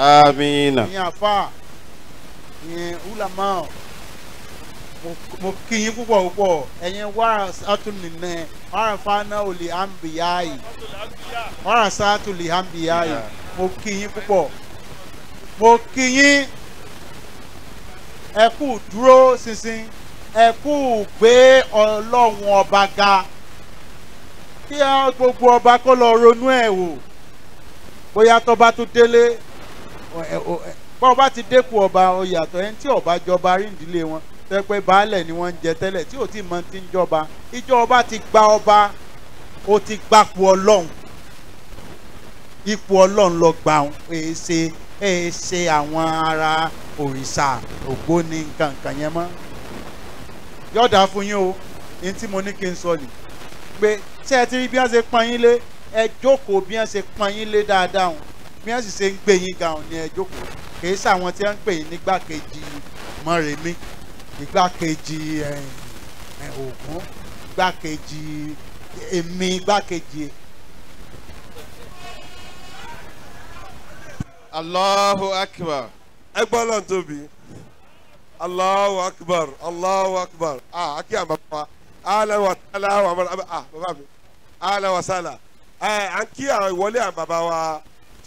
amina. ní àfa ní ulama mo kí yín púpọ̀ púpọ̀ ẹ̀yin wàrà sátúnìnà wàrà fana olè ambiyayi wàrà sátúlè ambiyayi mo kí yín púpọ̀ mo kí yín ẹ kú dúró ṣinṣin ẹ kú gbé ọlọ́run ọba ga kí gbogbo ọba kó lọ ronú ẹ̀ wò bóyá tó délé bọ́ọ̀ bá ti dẹ́kun ọba ọ̀yàtọ̀ ẹni tí ọba jọba rí ìdílé wọn tẹ́ pé baálẹ̀ ni wọ́n ń jẹ tẹ́lẹ̀ tí ò tí mọ ti ń jọba ìjọ ọba ti gba ọba o ti gbapò ọlọ́run ipò ọlọ́run lọ gbà èé ṣe èé ṣe àwọn ará òrìṣà ògbóni nǹkan nǹkan yẹn mọ́ yọ̀dà fún yín o ní tí mo ní kí n sọ nìyí pé tí ẹ ti rí bí wọ́n ṣe pọ́n yín lé ẹ jókòó bí wọ́n ṣe pọ́n yín lé dáadáa bí wọ́n sì ṣe ń gbé yín ga òní ẹ jókòó kìí sàwọn tí wọ́n ń pè yín nígbàkejì mọ́rẹ̀mí ìgbàkejì ògún ìgbàkejì èmi ìgbàkejì. Allahu akbar. Ẹ gbọ́ lọ́n tóbi. Allahu akbar Allahu akbar. Ah, kí a máa fa. Ala ah baba mi. Ala wa sala. Ẹ à ń kí àwọn ìwọlé àwọn bàbá wa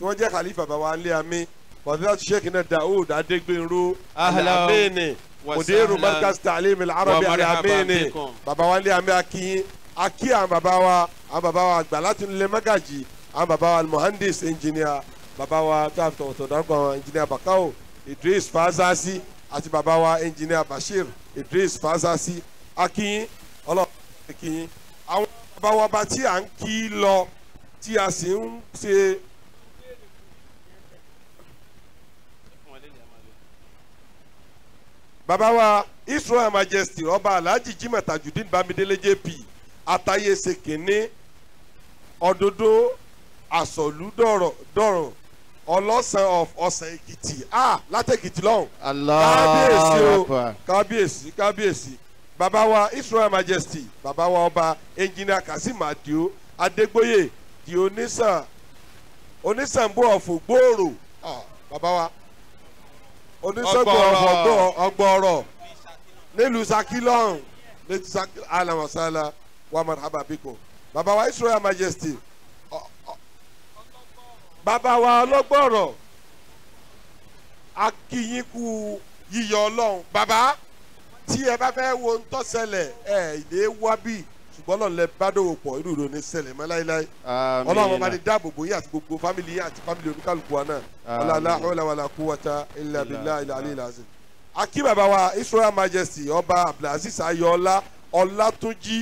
tí wọ́n jẹ́ khalifa bàbá wa alẹ́ àmì fadila sheikh náà daoud adégbènró alamini mudiru markaz ta'lim al-arabi alamini bàbá wa alẹ́ àmì akíyín akí àwọn bàbá wa àwọn bàbá wa àgbà láti nílẹ̀ magaji àwọn bàbá wa almuhandis engineer bàbá wa tó àtọ̀tọ̀ dárúkọ àwọn engineer bakao idris fazasi àti bàbá wa engineer bashir idris fazasi akíyín ọlọ́run akíyín àwọn bàbá wa bá tí à ń kí lọ tí a sì ń ṣe. bàbá wa Israel majesty ọba alhaji jimoh tajudeen bamidele jp atayese kínní ọ̀dọ́dọ́ àsọ̀lúdọ̀rọ̀ ọlọ́sàn of ọ̀sàn èkìtì ah látẹ̀kìtì lọ́hùn kábíyèsí o kábíyèsí kábíyèsí bàbá wa Israel majesty bàbá wa ọba engineer kazeem adio adégbóyè di onísàn onísàn bó ọ̀fọ̀ gbòòrò ah bàbá wa oníṣègùn ọ̀gbọ̀gbọ̀ ọgbọ̀ọ̀rọ̀ nílùú sakilọ́n létí sakilọ́n alamasala wa marhaba biko baba wa israel majesty baba wa ọlọ́gbọ̀ọ̀rọ̀ akínyínkù yíyọ baba tí ẹ bá fẹ́ wo ń tó ìdè wábì bọ́lọ́n lẹ bá dòwò pọ̀ irú ìròyìn ṣẹlẹ̀ mọ́ láíláí ọlọ́run ọba ni dáàbò bò yín àti gbogbo fámìlì yín àti fámìlì oníkàlùkù wa náà ọlọ́lá ọlọ́wàlá kú wata ilà bílà ilà alẹ́ ìlà àzẹ. akí bàbá wa Israel Majesty ọba Abdulaziz Ayọ̀ọ́lá Ọlátúnjí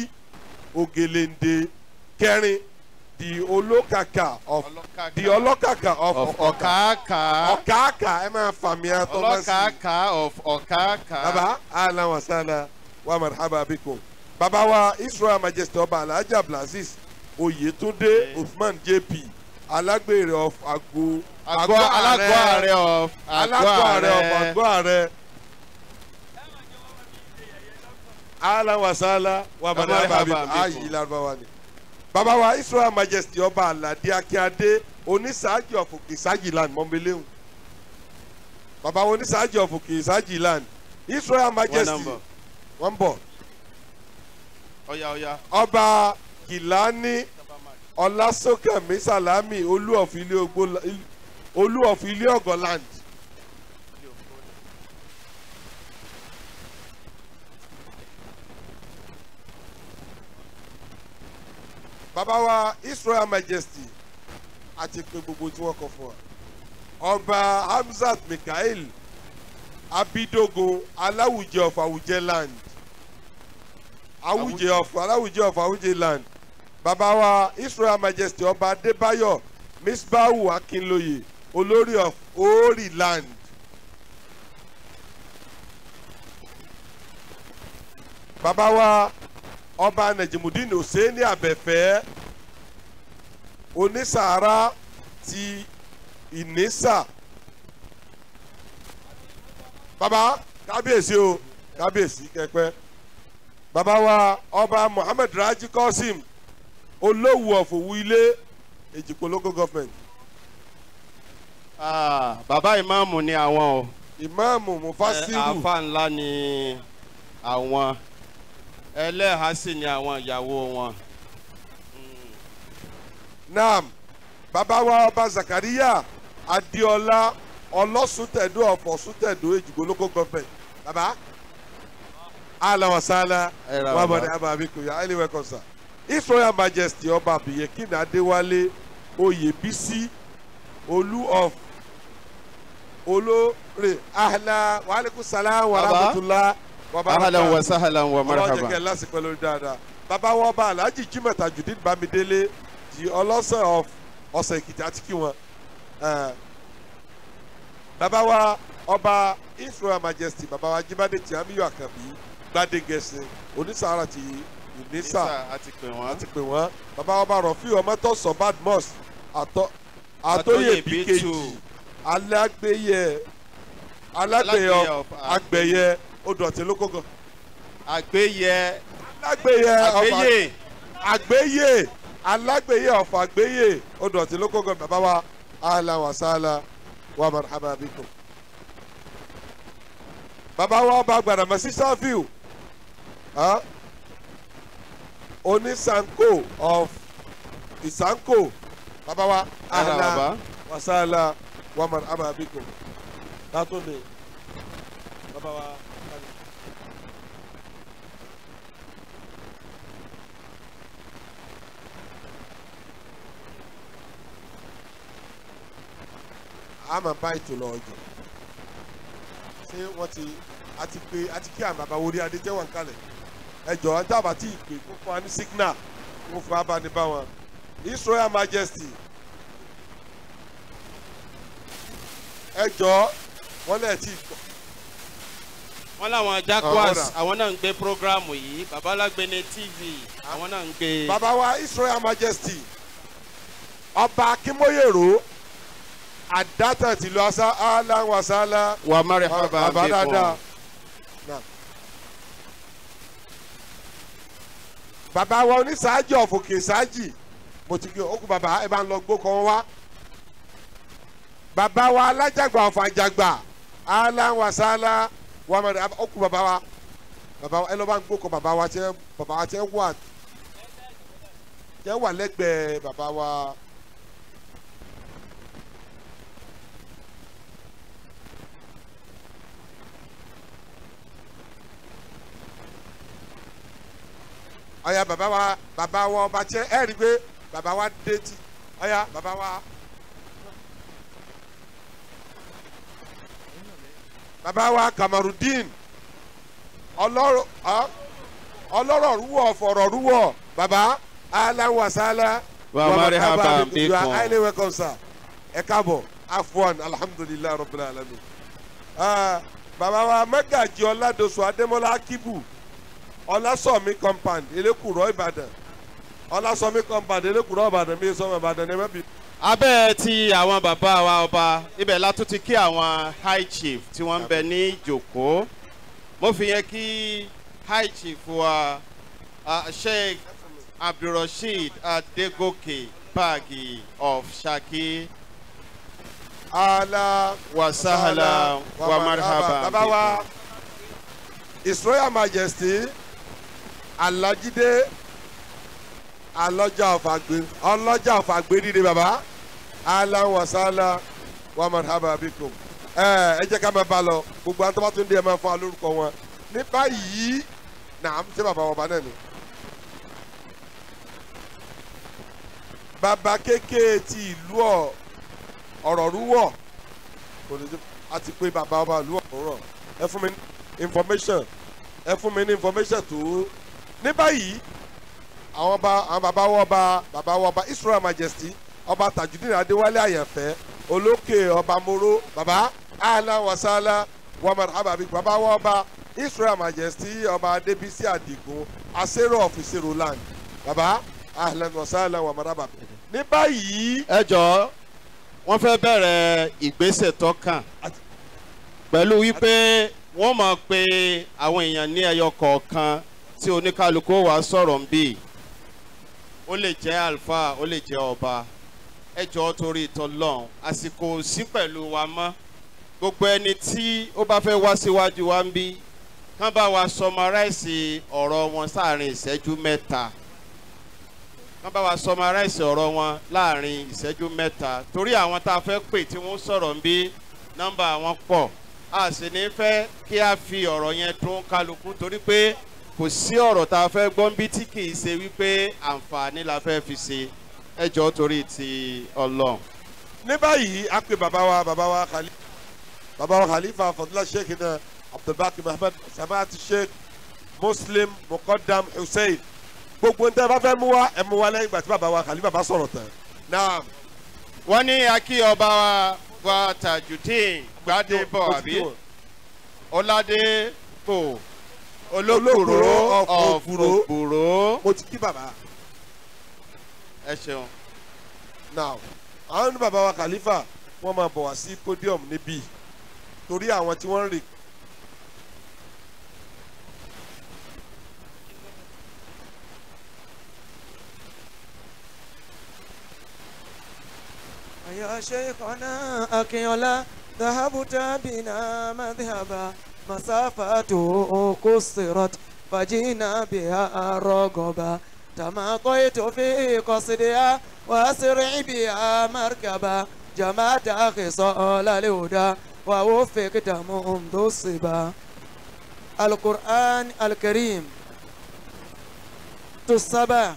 Ògèlèǹdè kẹrin di olókàkà of di ọlọ́kàkà of ọ̀kàkà ọ̀kàkà ẹ máa fàmì àtọ́mọ́sí ọlọ́kàkà of ọ̀kàkà. bàbá àlàwọ̀ wa wà màrìhábà bàbá wa Israel Majesty ọba alhaji abdulaziz Oyetunde Usman JP alágbèrè of àgọ́ àgọ́ alágọ́ ààrẹ of àgọ́ ààrẹ of àgọ́ ààrẹ. ala wasala wa marhaba ayi larubawa ni. bàbá wa Israel Majesty ọba alade akíade onísàájì ọ̀fùkì sájìlan mọ́míléhùn bàbá wa onísàájì ọ̀fùkì sájìlan Israel Majesty one bọ̀ ọba Gilani, Ọlásókànmí Sàlámì olú of ilé ogbó olú of ilé Ọ̀gọ́land. bàbá wa Israel Majesty àti pé gbogbo tí wọ́n kọ fún wa ọba Hamzat Mikael Abidogo aláwùjẹ of land awuje of alawuje of awuje land bàbá wa israel majesty ọba adébáyọ̀ misbahu akinloye olórí of oori land. bàbá wa ọba najimudin hussaini abẹ́fẹ́ onísàárà ti ìnísà bàbá kábíyèsí o kábíyèsí kẹpẹ́ bàbá wa ọba Muhammed Raji Qasim olówù ọ̀fọ̀wù ilé Èjìpò local government. bàbá ìmáàmù ni àwọn o. ìmáàmù Mufasiru. àfa ńlá ni àwọn ẹlẹ́hàá sì ni àwọn ìyàwó wọn. naam bàbá wa ọba Zakaria Adéọlá ọlọ́sùn tẹ̀dó ọ̀fọ̀sùn tẹ̀dó Èjìgbò local government Baba ala wasala wabade ababiku ya highly welcome sir his royal majesty ọba abiyekin adéwálé oyèbísí olu of olóore ahla waaleykum salaam wa rahmatulah wababa ahlan wa sahla wa marhaba ọlọ́jẹ̀kẹ́ lásìkò lórí dáadáa bàbá wọn ọba alhaji jimoh tajudeen bamidele ti ọlọ́sẹ̀ of ọ̀sẹ̀ èkìtì àti kí wọn eh, bàbá wa ọba his royal majesty bàbá wa jíbádé tìámíyọ àkànbí gbadegẹsìn onísàárà ti ìnísà àti pè wọ́n àti pè wọ́n bàbá wa bá rọ̀ fí ọmọ tó sọ badmus àtọ́yè bkg alágbèyẹ alágbèyẹ àgbẹ̀yẹ odòtí ló kókò. àgbẹ̀yẹ alágbèyẹ àgbẹ̀yẹ àgbẹ̀yẹ alágbèyẹ ọ̀fọ̀ àgbẹ̀yẹ odòtí ló kókò bàbá wa ahlan wa sala, wa marhaba biko. Baba wa bá si Safiu huh? Onisanko of Isanko baba wa ahla wasala waman amabiko látòdè baba wa. àmà bá ètò lọ ọjọ́ ṣé wọ́n ti àti pé àti kí àmà bá wọlé adé jẹ́ wà ń kalẹ̀ ẹjọ́ ajá tí ìpè kó fún wa ní signal kó fún wa bá ní bá wọn Israel Majesty ẹjọ́ wọ́n lẹ̀ tí ìkọ̀. wọ́n láwọn jaguars àwọn náà ń gbé programu yìí babalágbéni TV àwọn náà ń gbé. bàbá wa Israel Majesty ọba akínmóyèrò àdátà tìlú aláwọ̀ asálá. wà á má rẹ̀ fún bàbá àbí fún Baba wa oníṣáájì ọ̀fọ̀kè ṣáájì mo ti gbé okùn bàbá ẹ bá ń lọ gbó kan wá bàbá wa alájàgbà ọ̀fàjàgbà aláwàsálà wàmàdà okùn bàbá wa bàbá ẹ lọ bá ń gbó kan baba wa tẹ bàbá wa tẹ wà tẹ wà lẹ́gbẹ̀ẹ́ bàbá wa. ọ̀yà bàbá wa bàbá wa ọba tiẹ̀ ẹ̀ rí i pé bàbá wa dé ti ọ̀yà bàbá wa. bàbá wa Kamarudin ọlọ́rọ̀ rúwọ̀ fọ̀rọ̀ rúwọ̀ bàbá aláwàsálà wàmárì haba bíkọ àìlè wẹ́kọ̀m sà ẹ káàbọ̀ afuwan alhamdulilayi rabbil alamin. Ah, bàbá wa mẹ́gàjì ọ̀làdọ̀sọ adémọ́lá akíbù ọlásọ̀mí compound elékùrọ̀ ìbàdàn ọlásọ̀mí compound elékùrọ̀ ìbàdàn mi sọmọ ìbàdàn ní mẹ́bí. abẹ́ ti àwọn bàbá wa ọba ibẹ̀ látún ti kí àwọn high chief tí wọ́n ń bẹ ní ìjòkó mo fi yẹn kí high chief wa uh, sheikh abdulrasheed adegoke baagi of Ṣakí ala wasahala wa marhaba. bàbá wa his royal majesty alájídé alọ́jà ọ̀fàgbé ọlọ́jà ọ̀fàgbé dìde baba, alan wasala wa marhaba bikum ẹ ẹ jẹ́ ká máa bá lọ gbogbo àwọn tó bá tún dé ẹ máa fún wa lórúkọ wọn ní wọn bá náà ni. bàbá ti ìlú ọ̀rọ̀ rúwọ̀ kò ní àti pé bàbá ọba ìlú ọ̀rọ̀ ẹ fún mi information ẹ mi ní information tó ní báyìí àwọn ba àwọn baba wọ Israel Majesty ọba Tajudeen adewale Àyànfẹ́ olókè ọba moro baba ala wasala wàmàdà ababi baba wọ Israel Majesty ọba Adébísí Àdìgún asero of Isero land baba ahlan wasala wàmàdà ababi ní báyìí. ẹ jọ̀ọ́ wọ́n fẹ́ bẹ̀rẹ̀ ìgbésẹ̀ tó kàn pẹ̀lú wípé wọ́n máa pe àwọn èèyàn ní ẹyọ kọ̀ọ̀kan tí oníkálukú wa sọ̀rọ̀ ń bì ó lè jẹ́ àlùfáà ó lè jẹ́ ọba ẹ torí ìtọ́lọ́run àsìkò sí pẹ̀lú wa mọ́ gbogbo ẹni tí ó bá fẹ́ wá síwájú wa ń bí kán bá wa sọmaráìsì ọ̀rọ̀ wọn sáàrin ìṣẹ́jú mẹ́ta kán bá wa sọmaráìsì ọ̀rọ̀ wọn láàrin ìṣẹ́jú mẹ́ta torí àwọn tá a fẹ́ pè tí wọ́n sọ̀rọ̀ ń bí nọ́mbà wọn pọ̀ a sì ní fẹ́ kí a fi ọ̀rọ̀ yẹn dún kálukú torí pé kò sí ọ̀rọ̀ tá a fẹ́ gbọ́ ń bí tí kì í ṣe wípé àǹfààní la fẹ́ fi ṣe ẹjọ́ torí ti ọlọ́run. ní báyìí a pe bàbá wa bàbá wa khalifa bàbá wa khalifa fadila sheikh náà abdulbaki muhammed samati sheikh muslim muqaddam hussein gbogbo ń tẹ́ bá fẹ́ mú wa ẹ̀ mú wa lẹ́yìn ìgbà tí bàbá wa khalifa bá sọ̀rọ̀ tán. náà wọ́n ní akí ọba wa wa tajudeen gbadebo àbí ọládé bò olókùrò ọ̀fùrò mo ti kí bàbá. ẹ ṣeun. now àwọn bàbá wa kàlífà wọ́n máa bọ̀ wá sí podium níbí torí àwọn tí wọ́n ń rìn يا شيخنا أكيولا ذهبت بنا مذهبا مسافاته قصرت فجينا بها رغبا تماطيت في قصدها وأسرع بها مركبا جمعت خصال الهدى ووفقت منذ الصبا القرآن الكريم السبع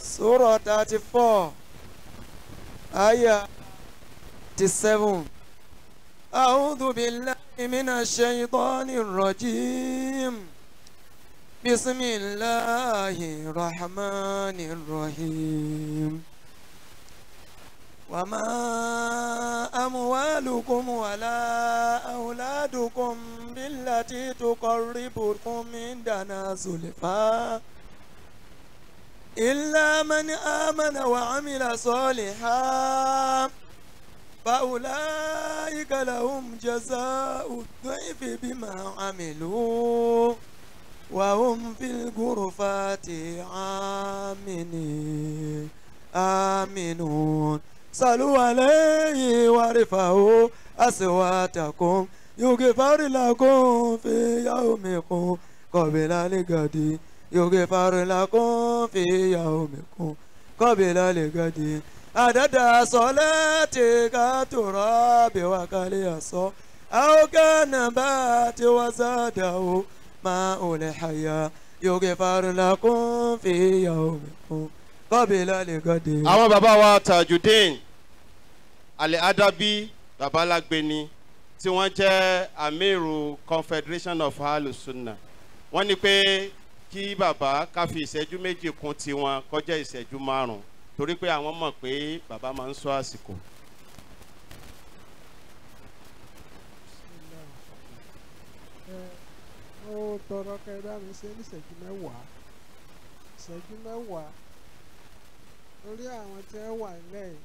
سورة 34 آية 7 أعوذ بالله من الشيطان الرجيم بسم الله الرحمن الرحيم وما أموالكم ولا أولادكم بالتي تقربكم عندنا زلفا إلا من آمن وعمل صالحا فأولئك لَهُمْ جزاء الضعف بما عملوا وهم في الغرفات آمنين آمنون صلوا عليه وارفعوا أصواتكم يغفر لكم في يومكم قبل الغد يغفر لكم في يومكم قبل الغد àdàdà sọlẹ́ tí ká tòrọ́ bí wà kálí àsọ. àwòkẹ́ nàbà tí wọ́n sàdà o máa ò lè xàyà yòókè farila kún fi yà ó kún kọ́bìlà lè gòdè. àwọn bàbá wa tajudeen alẹ́ adabi babalágbéni tí wọ́n jẹ́ amiru confederation of alusunna wọ́n ní pé kí bàbá ká fi ìṣẹ́jú méjì kún tiwọn kọjá ìṣẹ́jú márùn-ún torí pé àwọn mọ̀ pé bàbá máa ń sọ àsìkò. ó tọrọ kẹ́ bá mi ṣe ní ìṣẹ́jú mẹ́wàá ìṣẹ́jú mẹ́wàá lórí àwọn tí ẹ wà lẹ́yìn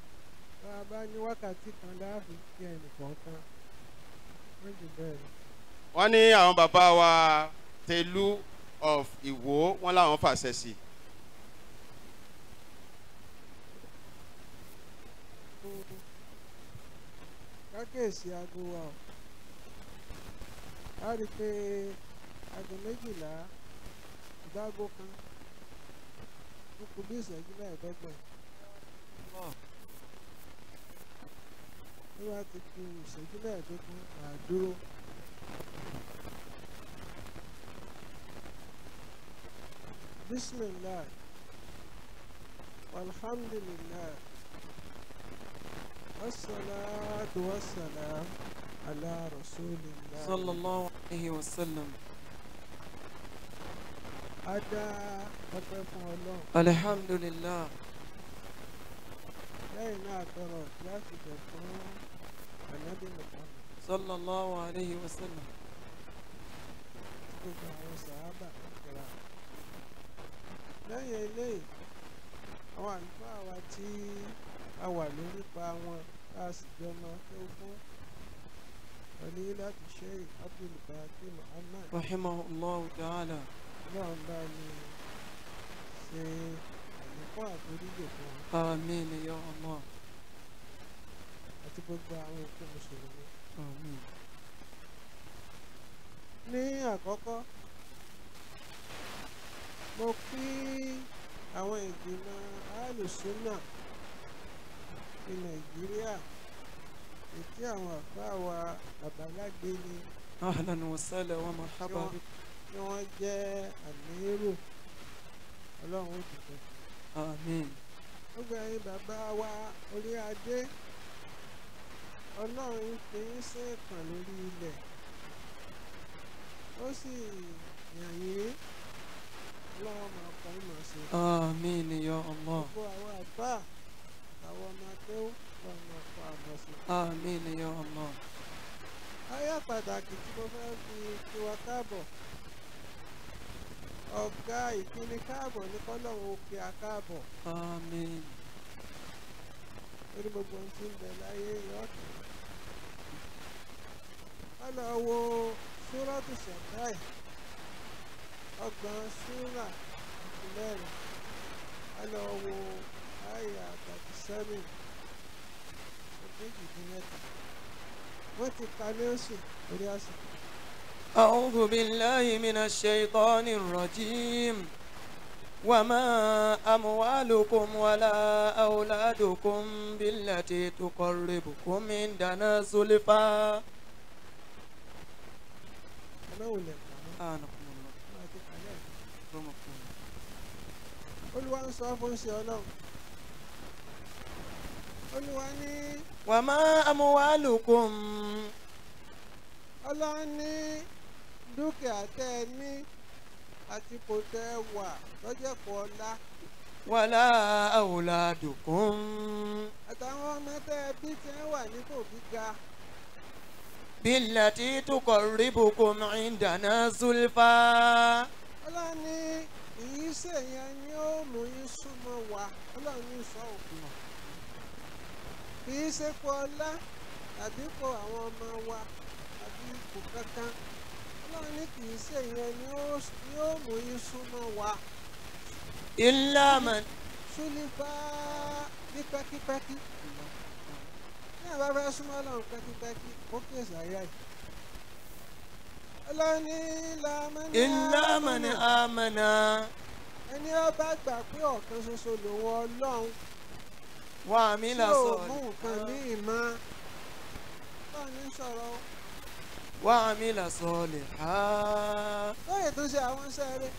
tá a bá ní wákàtí kan láàfin kí ẹnì kọ̀ọ̀kan wọ́n jù bẹ́ẹ̀ lọ. wọ́n ní àwọn bàbá wa Telu of Ìwó wọ́n láwọn fàṣẹ sí i. kákèsí aago wa o a rí i pé aago méjìlá ìdágó kan ó kù bí ìṣẹ́jú mẹ́ẹ̀ẹ́dọ́gbọ̀n nígbà tí kù ìṣẹ́jú mẹ́ẹ̀ẹ́dógún àdúró. bismillah walhamdulillah. والصلاة والسلام على رسول الله صلى الله عليه وسلم ada ọpẹ́ fún Ọlọ́run. alihamdulilah. lẹ́yìn náà tọrọ láti bẹ̀ fún ànábì nìkan. sallallahu alayhi wa sallam. gbogbo àwọn sàábà kẹra. lẹ́yìn eléyìí àwọn àlùfáà wa tí a wà lórí pa wọn a sì jọ máa tó fún fadilatu sheikh abdulbaki muhammad. rahimahullahu ta'ala. náà bá mi ṣe àlékún àforíjì fún wa. àmín ya Allah. àti gbogbo àwọn òkú mùsùlùmí. àmín. ní àkọ́kọ́ mo kí àwọn ìgbìmọ̀ alùsùn náà ti nàìjíríà ètí àwọn àfáà wa àbálágbé ni. ahlan wa sahlan wa marhaba. tí wọ́n jẹ́ àmírù ọlọ́run ó dìbò. àmín. bàbá wa orí adé ọlọ́run fi ń ṣèkàn lórí ilẹ̀ ó sì yàn ọlọ́run máa kọ́ ìmọ̀ sí i. àmín ya Allah. gbogbo àwọn àbá. Àmín ya Allah. Ayá pàtàkì tí mo fẹ́ fi kí wa káàbọ̀. Ọ̀gá ìkíni káàbọ̀ ní kọ́lọ́run òkè àkáàbọ̀. Àmín. Orí gbogbo ohun tí ń bẹ láyé ìyọ́kì. Ọlọ́ wo Súrọ́tù Ṣẹ̀dáì. Ọgbọ̀n Súrà àti mẹ́rin. Ọlọ́ wo Ayà àtàkì sẹ́rìn òkèjìdínlẹ́ta wọ́n ti parí oṣù orí àsìkò. أعوذ بالله من الشيطان الرجيم وما أموالكم ولا أولادكم بالتي تقربكم من زلفى olùwà ń sọ fún olúwa ní. wà má amúwálùkùn. ọlọ́run ní dúkìá tẹ́ ẹ ní àti kò tẹ́ ẹ wà lọ́jọ́pọ̀ ọlá. wàlá àwòládùkùn. àtàwọn ọmọ tẹ́ ẹ bí ti ń wà nípò gíga. bílàtí tukọ̀ ríbùkùn ìdáná zulfa. ọlọ́run ní ìyísẹ̀ yẹn ni ó mú yín súnmọ́ wa ọlọ́run ní sọ òkùnà kì í ṣe kó ọlá tàbí kó àwọn ọmọ wa tàbí ipò kankan ọlọ́run ní kì í ṣe ìyẹn ni yóò mú ìsúnmọ́ wa. ilé àmọ́. súnlẹ̀ bá ní pẹ́kípẹ́kí. ní àbá fẹ́ súnmọ́ ọlọ́run pẹ́kípẹ́kí ó kíyèsí ayé àyè. ọlọ́run ilé àmọ́ ní àmọ́. náà. ẹni ó gbà pé ọ̀kan ṣoṣo lòun ọlọ́run wà á mi là sọ rẹ. tí o mú nǹkan ní ìmọ̀ náà ní sọ̀rọ̀ o. wà á mi là sọ lè ha. lóye tó ṣe àwọn sáré.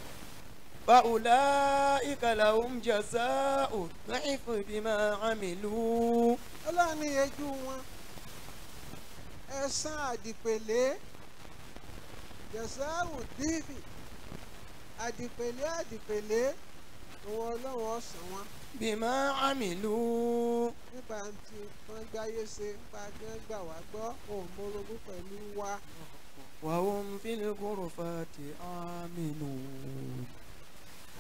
فأولئك لهم جزاء الضعف بما عملوا Ọlọ́run ní ẹjú wọn ẹ̀san àdìpèlé jẹ̀sáàwù dífì àdìpèlé àdìpèlé òun Ọlọ́run ó san bímọ àmìlú. nípa tí wọ́n gbáyé ṣe nípa tí wọ́n gbà wá gbọ́ òun mórogún pẹ̀lú wa. wà ó ń fílẹ̀ kúrò fàtì àmìnú.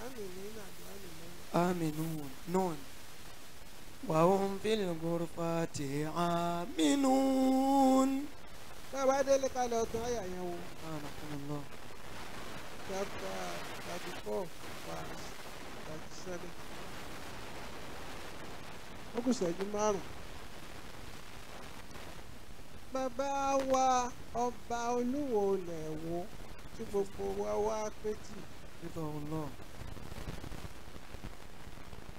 àmìnú nàbí àmìnú. àmìnú náà. wà ó ń fílẹ̀ kúrò fàtì àmìnú. bàbá délé kalẹ̀ ọ̀tún àyà yẹn wo. chapter thirty four verse thirty seven ó kù ìṣẹ́jú márùn-ún. bàbá wa ọba olúwo ilẹ̀ wo tí gbogbo wa wá pétì nítorí òun náà.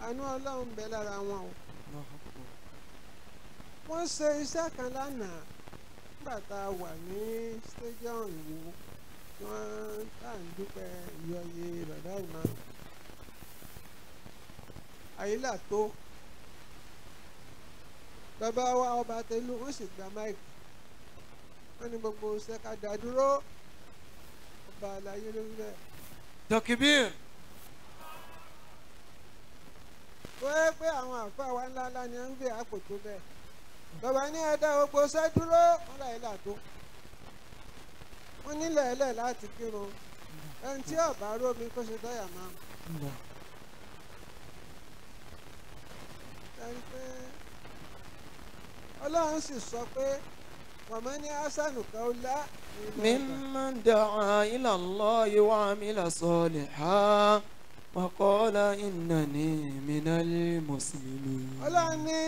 àánú ọlọ́run bẹ lára wọn o. wọ́n ṣe iṣẹ́ kan lánàá nígbà tá a wà ní stadium wo wọ́n tá ń dúpẹ́ ìyọyè bàbá ìmáàmù àyílà tó bàbá wa ọba tẹlú wọn sì gba máìkì wọn gbogbo sẹkadà dúró ọba àlàyé lórí rẹ. dọkibir. wọ́n pé àwọn àfa wa ńlá ńlá ni ń gbé àpò tó bàbá ní gbogbo dúró wọn láyé làtó wọn nílẹ̀ ẹlẹ̀ láti kírun ẹni tí ọba rómi kó ọlọ́run sì sọ pé wàmọ́ ní asanu kaula. mimman da'a ila Allahi wa amila salihan wa qala innani minal muslimin. ọlọ́run ní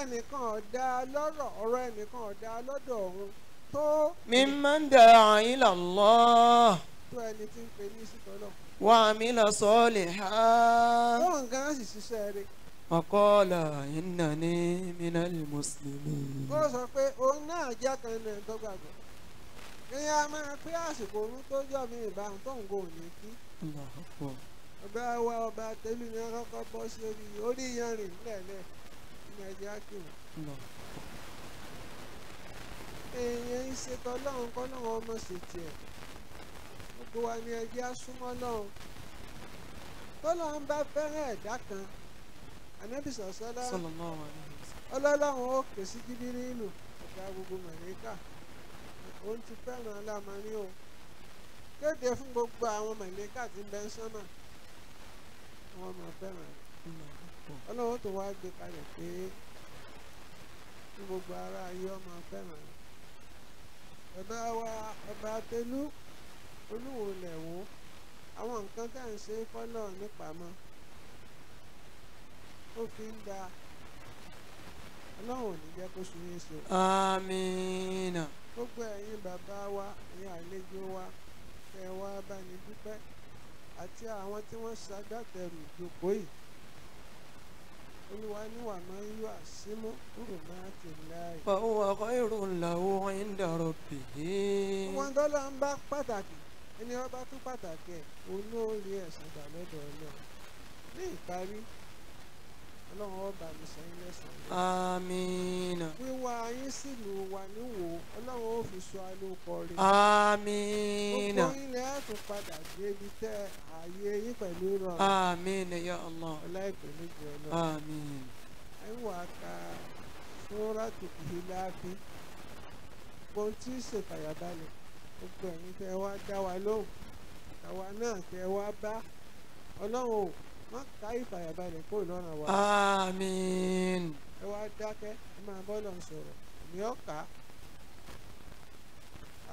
ẹnìkan ọ̀dà lọ́rọ̀ ọ̀rọ̀ ẹnìkan ọ̀dà lọ́dọ̀ ọ̀hún tó. mimman da'a ila tó ẹni tí ń pè ní ìsìtọ́lọ̀. wa amila salihan. lọ́rùn gan sì ṣiṣẹ́ rẹ̀. وقال إنني من المسلمين. kó sọ pé òun náà jẹ́ kan náà tó gbàgbọ́ kí a máa pé àsìkò òun tó jọ mi ìbámu tó ń gò ní kí. ọba wa ọba tẹ́lú ni wọ́n bọ́ sí orí orí yanrìn lẹ́lẹ̀ ní ẹja kì í. èèyàn ń ṣètò ọlọ́run kọ́ náà wọ́n mọ̀ sí gbogbo wa ni ẹjẹ́ súnmọ́ lọ́run tọ́lọ́run bá fẹ́ràn ẹ̀dá kan anabi sọ̀sọ́lá ọlọ́láwọn ó pè sí jíbírílù ọ̀gá gbogbo mẹ̀ríkà òun ti fẹ́ràn alámarí o kéde fún gbogbo àwọn mẹ̀ríkà tí ń bẹ ń sánmà wọn máa fẹ́ràn ọlọ́run tó wá gbé kalẹ̀ pé kí gbogbo ara ayé ọmọ fẹ́ràn ọba wa ọba tẹlú olúwo lẹ̀wọ́ àwọn nǹkan tá à ń ṣe fọ́lọ́ nípamọ́ ó fi ń da ọlọ́run ò jẹ́ kó sùn yín so. amínà. gbogbo ẹ̀yin bàbá wa ẹ̀yin àlejò wa ẹ̀ wá bá ní dúpẹ́ àti àwọn tí wọ́n ṣagbátẹrù ìjókòó yìí olúwa ní wà máa ń yọ àsímú kúrò máa ti láàyè. fàwọn ọkọ èrò ńlá wọn ń dàrọ bìí. wọn dọ́là ń bá pàtàkì ẹni wọn bá tún pàtàkì ẹ̀ olóore ẹ̀sán gbà ọlọ́run ní ìparí ọlọ́run ọba mi sọ yín lẹ́sàn amiina. wíwá yín sílùú wa níwò ọlọ́run ó fi sọ alóko rẹ̀. amiina. gbogbo ilẹ̀ á padà débi tẹ́ ààyè yín pẹ̀lú ìrọ̀rùn. amiina ya allah. ọláìpẹ̀ méjì ọlọ́run. amiina. ẹ wà ká sóràtù ìlàáfi gbogbo tí ń ṣèfàyàbalẹ̀ gbogbo ẹ̀yin tẹ́ wá dá wa lóhùn àwa náà tẹ́ wá bá ọlọ́run ò Àmín. ẹ wá dákẹ́ ẹ máa bọ́ lọ sọ̀rọ̀ èmi ò kà á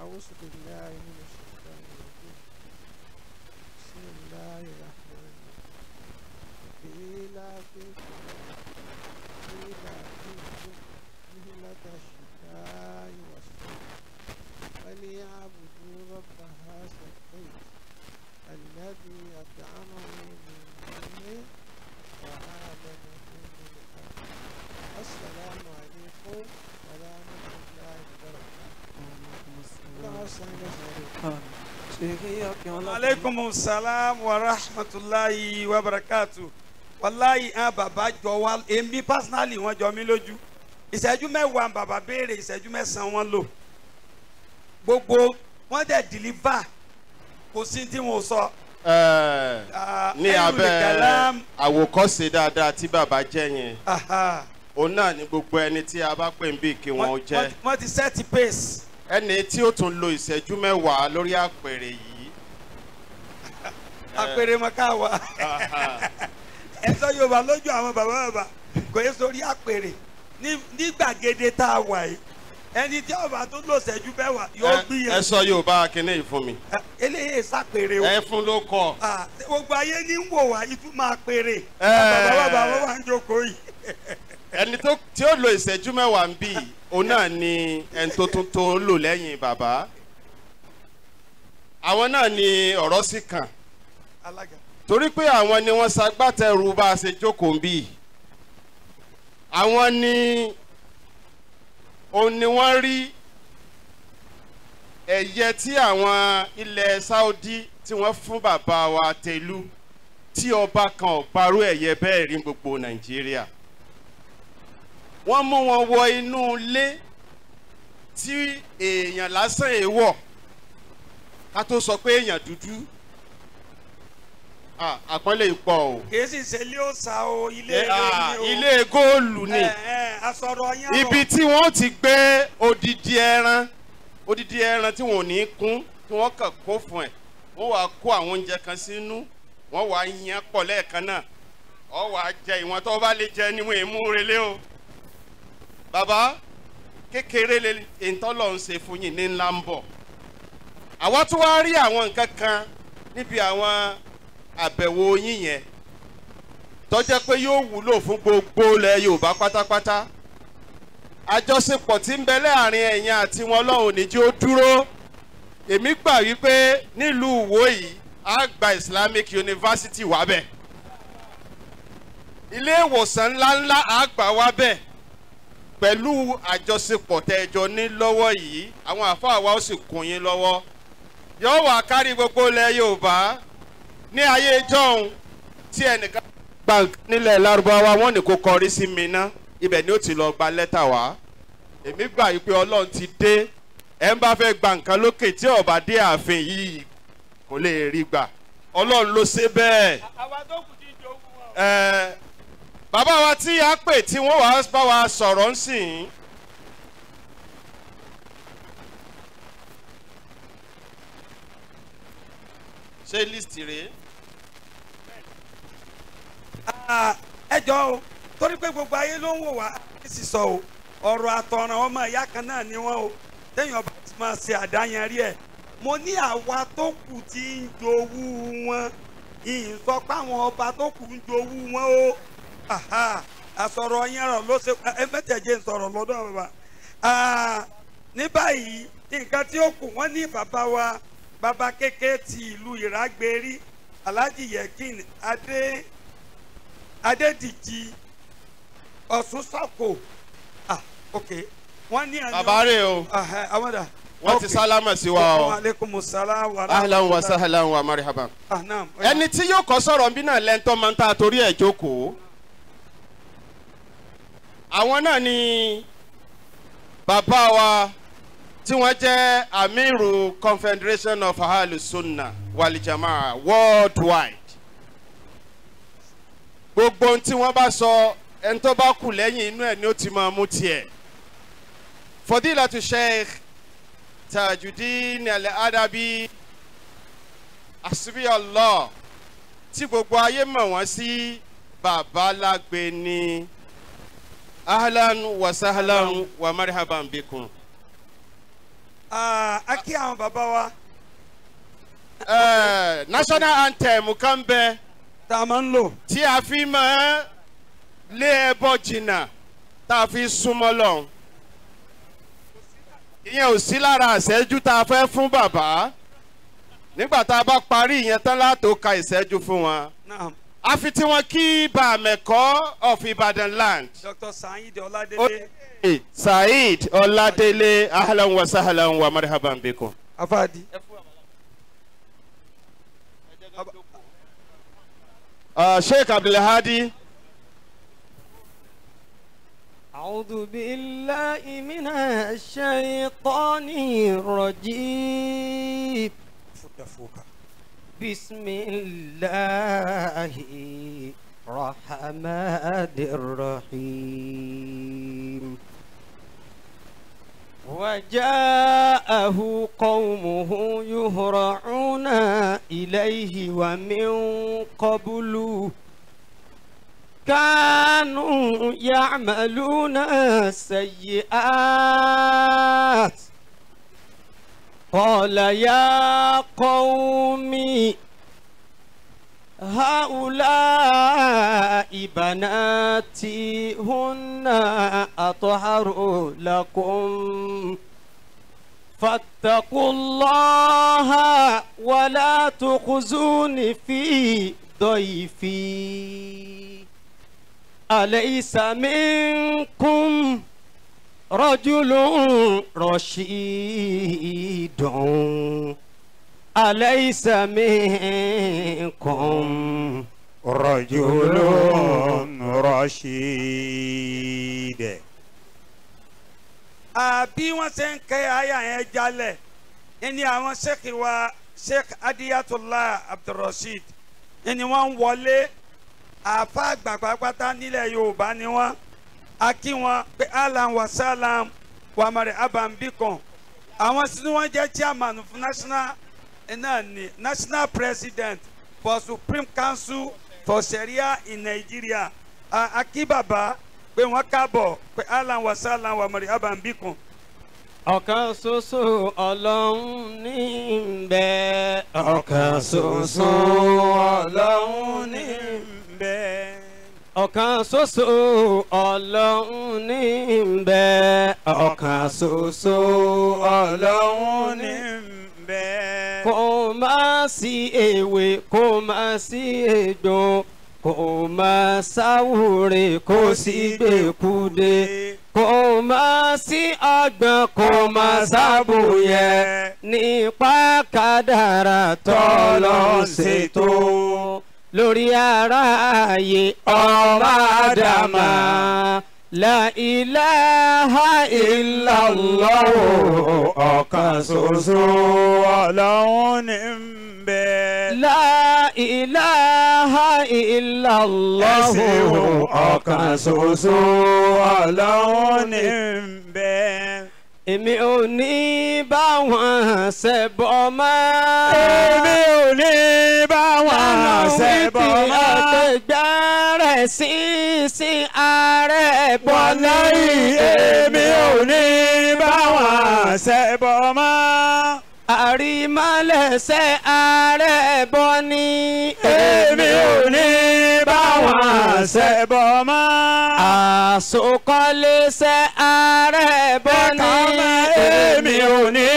àwọn sọ̀rọ̀ ìlà inú mi sọ̀rọ̀ ìlọ́gbọ̀n sí ìlà ìràpọ̀ ìlà fífọ̀ ìlà fífọ̀ ìlà tàṣìkà ìwàsọ̀ wọ́n ní àbùdó rọ́bà ha sọ̀rọ̀ الذي أطعمه من assalamu alaikum aleykum salaam wa rahmatulahi wa barakatu wàláyé hàn ah, bàbá jọ wá èmi personally wọn jọ mí lójú ìṣẹ́jú mẹ́wàá bàbá béèrè ìṣẹ́jú mẹ́sàn-án wọn lò gbogbo wọn dẹ̀ deliver kò sí tí wọn sọ Eh, ní eh, abẹ́ àwòkọ́ṣe dáadáa tí bàbá jẹ́ yẹn òun náà ni gbogbo ẹni tí a bá pè ń bí kí wọ́n jẹ́. wọ́n ti set pace. ẹni tí ó tún lo ìṣẹ́jú mẹ́wàá lórí àpèrè yìí. àpèrè mọ ká wà ẹ sọ yorùbá lójú àwọn bàbá bàbá kò yẹ sórí àpèrè ní gbàgede tá a wà yìí ẹni tí ọba tó lò ṣẹ́jú mẹ́wàá yóò gbìyànjú. ẹ sọ yorùbá kínní yìí fún mi. eléyè sàpèrè o. ẹ fún ló kọ. gbogbo ayé ní ń wò wá ìtumọ̀ àpèrè. bàbá bàbá wọn wà ń jókòó yìí. ẹni tí ó lo ìṣẹ́jú mẹ́wàá ń bì òun náà ni ẹni tó tún tó ń lò lẹ́yìn bàbá. àwọn náà ni ọ̀rọ̀ sì kàn. torí pé àwọn ni wọ́n ṣagbátẹrù bá a ṣe jókòó ń bì. àwọn ni òun ni wọ́n rí ẹ̀yẹ tí àwọn ilẹ̀ Saudi tí wọ́n fún bàbá wa Tẹ̀lú tí ọba kan ò parú ẹ̀yẹ bẹ́ẹ̀ rí gbogbo Nàìjíríà wọ́n mú wọn wọ inú ilé tí èèyàn lásán èèwọ̀ ká tó sọ pé èèyàn dúdú àkọlé ìpọ̀ o. kìí sì ṣe ilé òòsà o ilé góòlù eh, ni o. ilé góòlù ni. àsọ̀rọ̀ eh, eh, yẹn o. ibi tí wọ́n ti gbé odidi ẹran odidi ẹran tí wọ́n ò ní kún tí wọ́n kàn kó fún ẹ̀ wọ́n wàá kó àwọn oúnjẹ kan sínú wọ́n wàá yan pọ̀ lẹ́ẹ̀kan náà ọ wàá jẹ ìwọ̀n tó bá lè jẹ níwọ̀n èémú relé o. bàbá kékeré lè ìtọ́lọ̀ ń ṣe fún yín ní ńlá ń bọ̀ àwa tún wá rí àwọn nǹkan kan níbi àwọn àbẹ̀wò yín yẹn tó jẹ́ pé yóò wúlò fún gbogbo ilẹ̀ Yorùbá pátápátá àjọṣepọ̀ tí ń bẹ láàrin ẹ̀yin àti wọn lọ́hùn ní jí ó dúró èmi gbà wípé nílùú Ìwó yìí á gba Islamic University wá bẹ̀ ilé ìwòsàn ńláńlá á gbà wá bẹ̀ pẹ̀lú àjọṣepọ̀ tẹ̀jọ ní lọ́wọ́ yìí àwọn àfáà wa ó sì kún yín lọ́wọ́ yóò wá kárí gbogbo ilẹ̀ Yorùbá ní ayé jọ́hún tí ẹnìkan bank nílẹ̀ lárúbáwá wọ́n ní kó kọrí sí mi ná ibẹ̀ ni ó ti lọ gba lẹ́tà wá èmi gbà yí pé ọlọ́run ti dé ẹ̀ ń bá fẹ́ gba nǹkan lókè tí ọba dé ààfin yìí kò lè rí gbà ọlọ́run ló ṣe bẹ́ẹ̀. àwa bàbá wa tí a pè tí wọ́n wàá bá wa sọ̀rọ̀ ń sìn. ṣé lísìtì rèé. Ah, ẹjọ́ o torí pé gbogbo ayé ló ń wò wá àti sísọ o ọ̀rọ̀ àtọ̀ràn ọmọ ìyá kan náà ni wọ́n o téèyàn bá ti máa ṣe àdáyanrí ẹ̀ mo ní àwa tó kù ti ń jowú wọn ìyìn sọ pé àwọn ọba tó kù ń jowú o àsọ̀rọ̀ yẹn rọ̀ ló ṣe ẹ mẹ́tẹ̀ẹ̀jẹ̀ ń sọ̀rọ̀ lọ́dọ̀ bàbá ah, ní báyìí nǹkan tí ó wa bàbá kékeré ti ìlú Adé. adédìjì ọ̀sùn sàkó ah ok wọ́n ní àná. bàbá rẹ̀ o. àwọn dà wọ́n ti sálámà sí wa o. aleykum salaam wa rahmatulah. ahlan wa sahlan wa marhaban. Ah, ẹni tí yóò kọ́ sọ̀rọ̀ bí náà lẹ́ńtọ́ máa ń ta torí ẹ̀ jókòó. àwọn náà ni bàbá wa tí wọ́n jẹ́ amiru confederation of ahalusunna walijamaa worldwide gbogbo ohun tí wọ́n bá sọ ẹni tó bá kù lẹ́yìn inú ẹ̀ ni ó ti máa mú tiẹ̀. fadilatu sheikh tajudeen al-adabi asibiyallah tí gbogbo ayé mọ̀ wọ́n sí babalágbé ni ahlan wasahlan sahlan wa marhaban bikum. a kí àwọn bàbá wa. national anthem kan bẹ́ẹ̀ tá a máa ń lò. tí a fi máa lé ẹbọ jìnnà tá a fi súnmọ́ lọ́hùn. ìyẹn ò sí lára àṣẹ́jú tá a fẹ́ fún bàbá nígbà tá a bá parí ìyẹn tán látò ka ìṣẹ́jú fún wọn. a fi tí wọn kí ibà of Ibadan land. Dr. Saheed Ọládélé. Saheed Ọládélé ahlan wa sahlan wa marhaban bikum. afáàdì. ẹ fún آه شيخ عبد الهادي أعوذ بالله من الشيطان الرجيم بسم الله الرحمن الرحيم وجاءه قومه يهرعون إليه ومن قبل كانوا يعملون السيئات قال يا قومي. هؤلاء بناتي هن أطهر لكم فاتقوا الله ولا تخزون في ضيفي أليس منكم رجل رشيد أليس منكم رجل رشيد àbí wọ́n ṣe ń kẹ́ àyà yẹn jalẹ̀ ẹni àwọn sheikh wa sheikh adiyatullah abdulrasheed ẹni wọ́n wọlé àfa àgbàgbàgbàtà nílẹ̀ yorùbá ni wọ́n a kí wọn pé alan wa salam wa mari àwọn sinú wọn chairman of national náà ni national president for supreme council for sharia in nigeria Akibaba, pé wọ́n kábọ̀ pé alan wa salan wa mọ̀rẹ́ abambikun. ọ̀kan ṣoṣo ọlọ́run ní ń ọ̀kan ṣoṣo ọlọ́run ní ń ọ̀kan ṣoṣo ọlọ́run ní ń ọ̀kan ṣoṣo ọlọ́run ní ń bẹ́ẹ̀. kò má sí ewé kò má sí ejò kò má sáwúre kò sí gbèkúde kò má sí ọgbọ́n kò má sábòyẹ nípa kádàrá tọ́lọ́ ṣètò lórí ara ààyè ọmọ àdàmà. La ilaha illallah ọ̀kan ṣoṣo ọlọ́run ní ń bẹ. La ilaha illallah ẹ̀sìn ọ̀kan ṣoṣo ọlọ́run ní ń bẹ èmi ò ní bá wọn ṣẹbọ mọ́. èmi ò ní bá wọn ṣẹbọ mọ́. àwọn wípé àtẹgbẹ́rẹ́ sí sí ààrẹ bọ́ lẹ́yìn. èmi ò ní bá wọn ṣẹbọ mọ́. àrímọ́lẹ̀ṣẹ̀ ààrẹ bọ́ ni. èmi ò ní bá wọn ṣẹbọ mọ́ àsokọ́lé se are bọ́ ní. ẹ̀ka máa èmi ò ní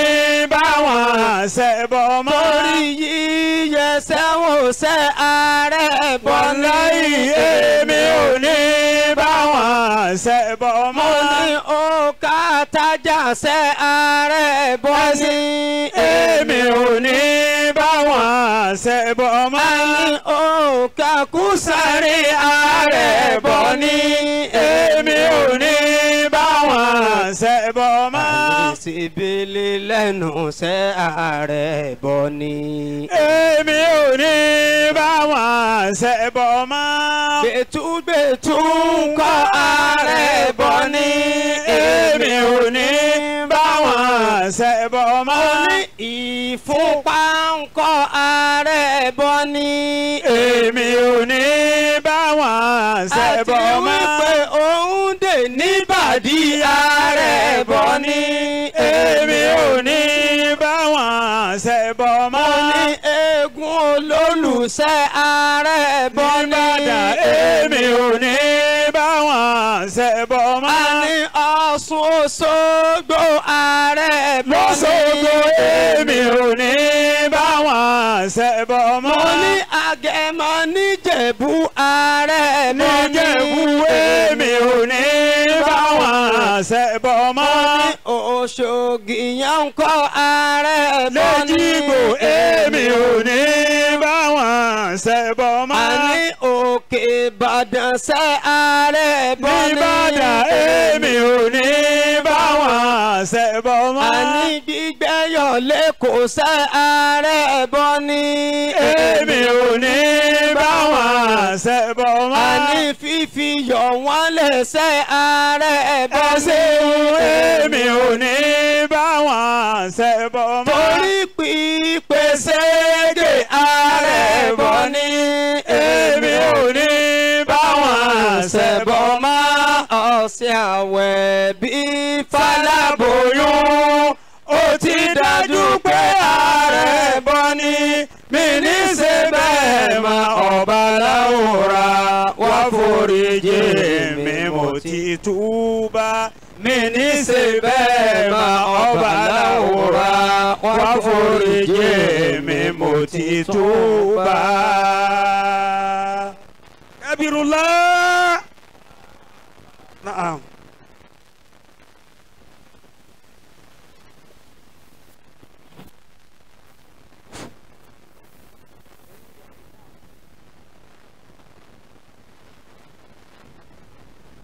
bá wọn àṣẹ bọ́ mọ́. torí yíyẹ sẹ́wọ̀n sẹ́ ààrẹ bọ́ ní. wọ́n láyé èmi ò ní ó ká tájà sẹ́ ààrẹ bọ́ sí. èmi ò ní bá wọn ṣe bọ́ mọ́. àní ó ká kú sáré ààrẹ bọ́ ní. èmi ò ní bá máa ṣe bọ́ mọ́. àìsíbílì lẹ́nu ṣẹ́ ààrẹ bọ́ ni. èmi ò ní bá wọn ṣe bọ́ mọ́. gbẹ̀túgbẹ̀tú kọ́ ààrẹ bọ́ ni. èmi ò ní bá wọn ṣe bọ́ mọ́. ó ní ìfúnpá ń kọ́ ààrẹ bọ́ ni. èmi ò ní bá wọn ṣe bọ́ mọ́. àti wípé níbàdí ààrẹ bọ́ ní èmi ò ní bá wọn ṣe bọ́ mọ́. mo ní eégún olólùṣẹ́ ààrẹ bọ́ ní Ìbàdàn èmi ò ní bá wọn ṣe bọ́ mọ́. a ní Ọ̀ṣun Òṣogbo ààrẹ bọ́ ní. lọ́sọ̀gbọ̀ èmi ò ní bá wọn ṣe bọ́ mọ́. mo ní Agẹmọ níjẹ̀bú ààrẹ mi ní. níjẹ̀bú èmi ò ní báwọn àṣẹbọ mọ́. Òṣogì yẹn ń kọ́ ààrẹ mọ́ ní. lójúgbò èmi ò ní báwọn àṣẹbọ mọ́. àní òkè ìbàdàn ṣe ààrẹ bọ́ ní. nìbàdàn èmi ò ní bá wọn ṣe bọ́ mọ́. àní gbígbẹ́yọ̀ lẹ́kọ̀ọ́ ṣe ààrẹ bọ́ ní. èmi ò ní bá wọn ṣe bọ́ mọ́. àní fífi yọ̀ wọ́n lẹ̀ ṣe ààrẹ bọ́ ní. ẹ̀sìn èmi ò ní bá wọn ṣe bọ́ mọ́. torí sí àwẹ̀ bí Fàlábòyún ó ti dájú pé ààrẹ bọ́ ni mi ní ṣe bẹ́ẹ̀ mà ọba láwùrà wá foríjì mi mo ti túbà mi ní ṣe bẹ́ẹ̀ mà ọba láwùrà wá foríjì mi mo ti túbà. Kabirullah. نعم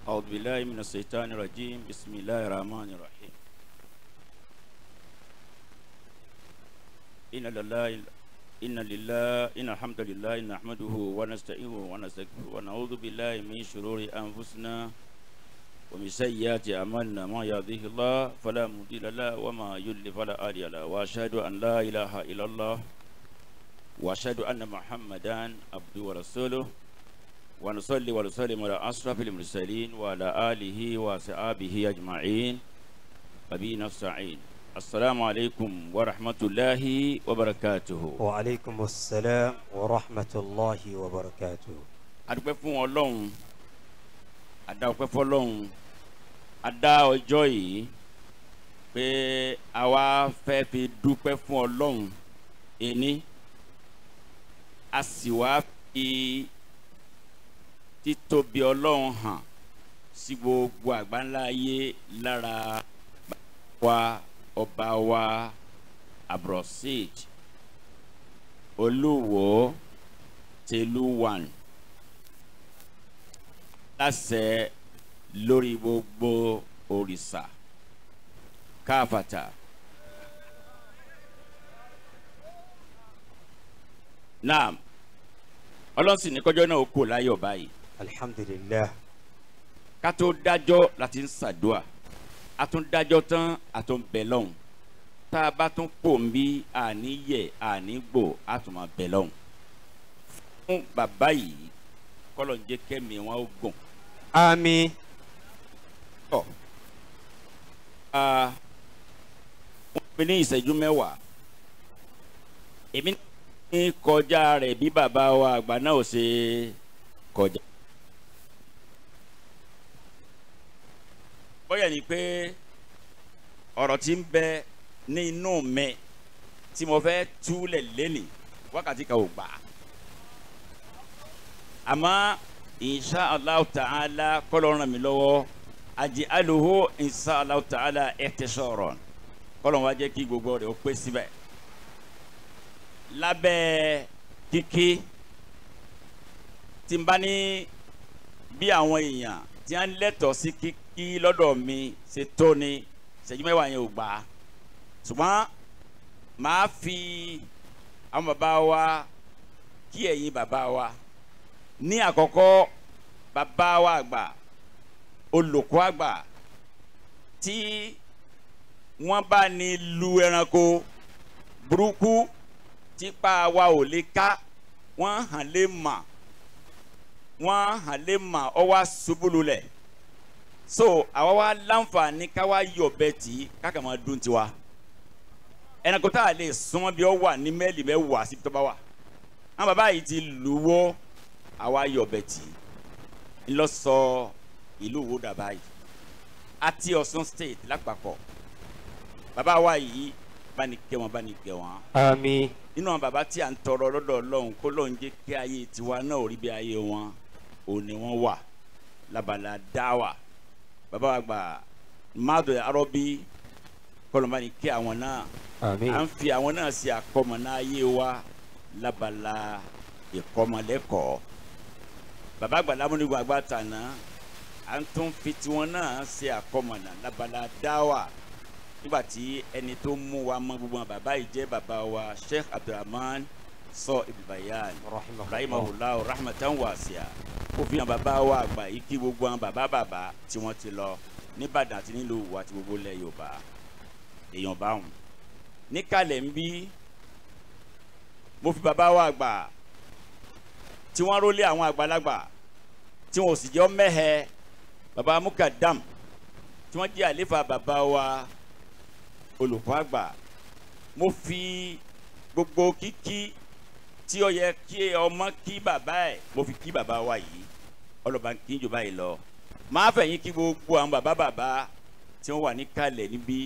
أعوذ بالله من الشيطان الرجيم بسم الله الرحمن الرحيم إن لله إن لله إن الحمد لله نحمده ونستعينه ونستغفره ونعوذ بالله من شرور أنفسنا ومن سيئات أعمالنا ما يهده الله فلا مضل له وما يضلل فلا هادي له وأشهد أن لا إله إلا الله وأشهد أن محمدا عبده ورسوله ونصلي ونسلم على أشرف المرسلين وعلى آله وصحبه أجمعين أبينا السعيد السلام عليكم ورحمة الله وبركاته وعليكم السلام ورحمة الله وبركاته أدوكم فون ألون أدوكم a dá ọjọ́ yìí pé a wá fẹ́ fi dúpẹ́ fún ọlọ́run ẹni a sì wá fi títóbi ọlọ́run hàn sí gbogbo àgbáńlá ayé lára wa ọba wa abrosid olúwo tẹlúwàn láṣẹ lórí gbogbo òrìṣà káfàtà. naam ọlọ́sìn ní kọjọ́ náà ó kò láyọ̀ báyìí. alhamdulilayi. ká tó dájọ́ láti ń ṣàdúà a tún dájọ́ tán a tún bẹ̀ lọ́hùn tá a bá tún pò ń bí àní yẹ a tún máa bẹ̀ lọ́hùn. fún bàbá yìí kọ́lọ̀ ń jẹ́ kẹ́mi wọn ó gùn. àmín tọ aa ah, wọn fi ní ìṣẹ́jú mẹ́wàá èmi ní kọjá rẹ̀ bí bàbá wa àgbà náà ò ṣe kọjá. bóyá ni pé ọ̀rọ̀ tí ń bẹ ní inú mi tí mo fẹ́ túlẹ̀ lẹ́nìí wákàtí kan ò gbà á àmọ́ insha Allah ta'ala kọ́lọ́ràn mi lọ́wọ́ àjẹ alòhó insha Allah ta'ala ẹ tẹ sọ̀rọ̀ kọ́lọ́n wá jẹ́ kí gbogbo rẹ̀ ó pé síbẹ̀ lábẹ́ kíkí tí n bá ní bí àwọn èèyàn tí wọ́n lẹ́tọ̀ọ́ sí kíkí lọ́dọ̀ mi ṣe tó ni ṣẹ́jú mẹ́wàá yẹn ò gbà á ṣùgbọ́n màá fi àwọn bàbá wa kí ẹ̀yin bàbá wa ní àkọ́kọ́ bàbá wa àgbà olùkọ́ àgbà tí wọ́n bá ní lu ẹranko burúkú tipa wa ò lè ká wọ́n hàn lè mà wọ́n hàn lè mà ọ wá ṣubú lulẹ̀ so àwa wa láǹfààní ká wá yọ bẹ́ẹ̀ tí máa dùn tiwa ẹranko tá a lè súnmọ́ bí ọ wà ní mẹ́lì mẹ́wàá síbi tó bá àwọn bàbá yìí ti lù wọ́ àwa yọ bẹ́ẹ̀ ńlọ sọ. So, ìlú Ìwó dà báyìí àti Ọ̀ṣun state lápapọ̀ bàbá wa yìí bá ní kẹ́ wọn bá ní kẹ́ wọn. àmín. nínú àwọn bàbá tí à ń tọrọ lọ́dọ̀ ọlọ́run kó lóun jẹ́ kí ayé tiwa náà ò rí bí ayé wọn ò ní wọ́n wà labala dáwà bàbá wa gbà mádùn arọ́bí kọlọ́mọ ní kẹ́ àwọn náà. àmín. à ń fi àwọn náà sí àkọ́mọ náà ayé wa labala ìkọ́mọlẹ́kọ̀ọ́ bàbá gbà lámúnigbò àgbà tàná à ń tún fi tiwọn náà ṣe àkọmọ̀nà lábala dáwà nígbà tí ẹni tó mú wa mọ gbogbo àwọn bàbá yìí jẹ́ bàbá wa Sheikh Abdulrahman sọ ibùbáyàn rahimahullah rahmatan wasi'a ó fi hàn bàbá wa àgbà yìí kí gbogbo àwọn bàbá bàbá tí wọ́n ti lọ nìbàdàn àti nílùú wa ti gbogbo lẹ̀ Yorùbá èèyàn báwọn níkàlẹ̀ ń bí mo fi bàbá wa àgbà tí wọ́n rólé àwọn àgbàlagbà tí wọn ò sì jẹ́ mẹ́hẹ̀ẹ́ baba mukadam tí wọ́n jẹ́ àlefa baba wa olùkọ́ àgbà mo fi gbogbo kíkí tí ó yẹ kí ọmọ kí baba ẹ̀ mo fi kí baba wa yìí ọlọ́ba ń kí jọba yìí lọ máa fẹ̀yìn kí gbogbo àwọn baba baba tí wọ́n wà ní kalẹ̀ níbí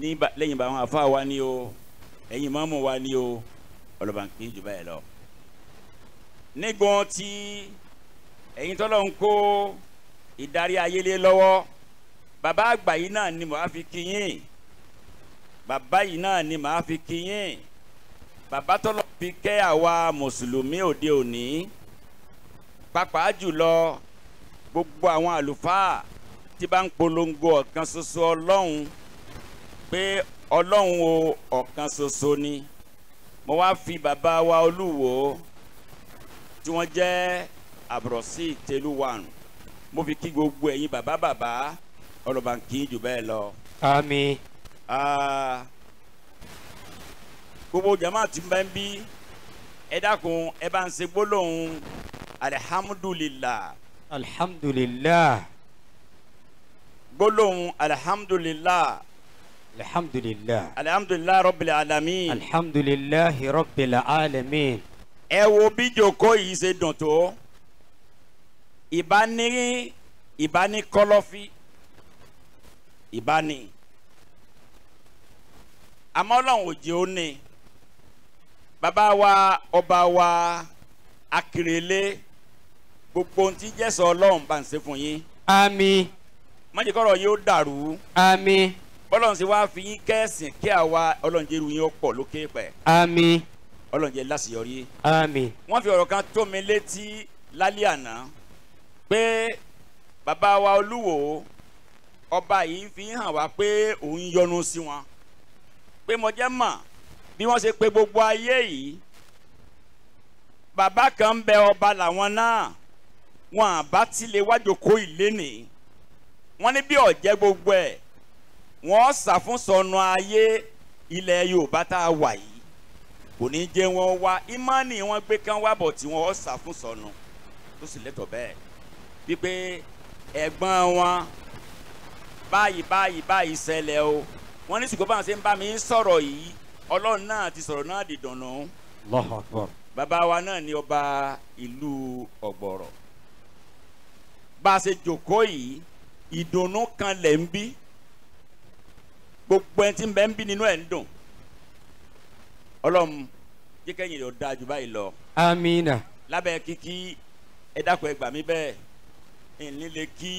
ní lẹ́yìn bá àwọn afa wa ni o ẹ̀yìn mọ́mú wa ni o ọlọ́ba ń kí jọba yìí lọ nígbọn tí ẹ̀yin tọ́lọ́ ń kó ìdarí ayélé lọ́wọ́ bàbá àgbà yìí náà ni màá fi kíyìn bàbá yìí náà ni màá fi kíyìn bàbá tọ́lọ́ fi kẹ́ àwa mùsùlùmí òde òní pàápàá jùlọ gbogbo àwọn àlùfáà tí bá ń polongo ọ̀kan ṣoṣo ọlọ́run pé ọlọ́run o ọ̀kan ṣoṣo ni mo wá fi bàbá wa olúwo tí wọ́n jẹ́ àbùrọ̀sí tẹlúwàrùn mo fi kí gbogbo ẹ̀yin bàbá bàbá ọlọ́ba ń kí jù bẹ́ẹ̀ lọ. àmín. gbogbo jama ti bẹ ń bí ẹ dákun ẹ bá ń ṣe gbólóhùn alihamudulilah. alihamudulilah. gbólóhùn alihamudulilah. alihamudulilah. alihamudulilah rabbil alamin. alihamudulilah rabbil alamin. ẹ wo bí jòkó yìí ṣe dùn ìbáni ìbáni kọlọ́fí ìbáni àmọ́ ọlọ́run ò jẹ́ ó bàbá wa ọba wa akérèlé gbogbo ohun tí jẹ́sọ̀ ọlọ́run bá ń ṣe fún yín. àmín. májèkọ́rọ̀ yóò dàrú. àmín. bọ́lọ́run sì wáá fi yín kẹ́sìn kí àwa ọlọ́run jẹ́rú yín ó pọ̀ lókè pẹ̀. àmín. ọlọ́run jẹ́ láṣeyọrí. àmín. wọ́n fi ọ̀rọ̀ kan tó mi létí lálẹ́ àná pé bàbá wa olúwo ọba yìí fi hàn wá pé òun yọ́nú sí wọn pé mo jẹ́ mọ̀ bí wọ́n ṣe pè gbogbo ayé yìí bàbá kan ń bẹ ọba làwọn náà wọn àbá tilẹ̀ wájòkó ìlénì wọn ní bí ọ̀jẹ́ gbogbo ẹ̀ wọ́n ṣàfúnsọ̀nù ayé ilẹ̀ Yorùbá tá a wà yìí kò ní jẹ́ wọn wá ìmánì wọn gbé kán wá bọ̀ tí wọ́n ṣàfúnsọ̀nù tó sì lẹ́tọ̀ bẹ́ẹ̀ wípé ẹ̀gbọ́n wọn báyìí báyìí báyìí ṣẹlẹ̀ o wọ́n ní ṣùgbọ́n báwọn ṣe ń bá mi sọ̀rọ̀ yìí ọlọ́run náà ti sọ̀rọ̀ náà di dànù. Allahu Akbar. bàbá wa náà ni ọba ìlú ọ̀gbọ̀rọ̀ bá a ṣe jòkó yìí ìdùnnú kan lẹ̀ ń bí gbogbo ẹni tí ń bẹ ń bí nínú ẹ̀ ń dùn ọlọ́run jíkẹ́yìn rẹ̀ dáa jù báyìí lọ. amina. lábẹ́ kíkí ẹ dákun ẹ gbà mí bẹ́ẹ̀ ìní lè kí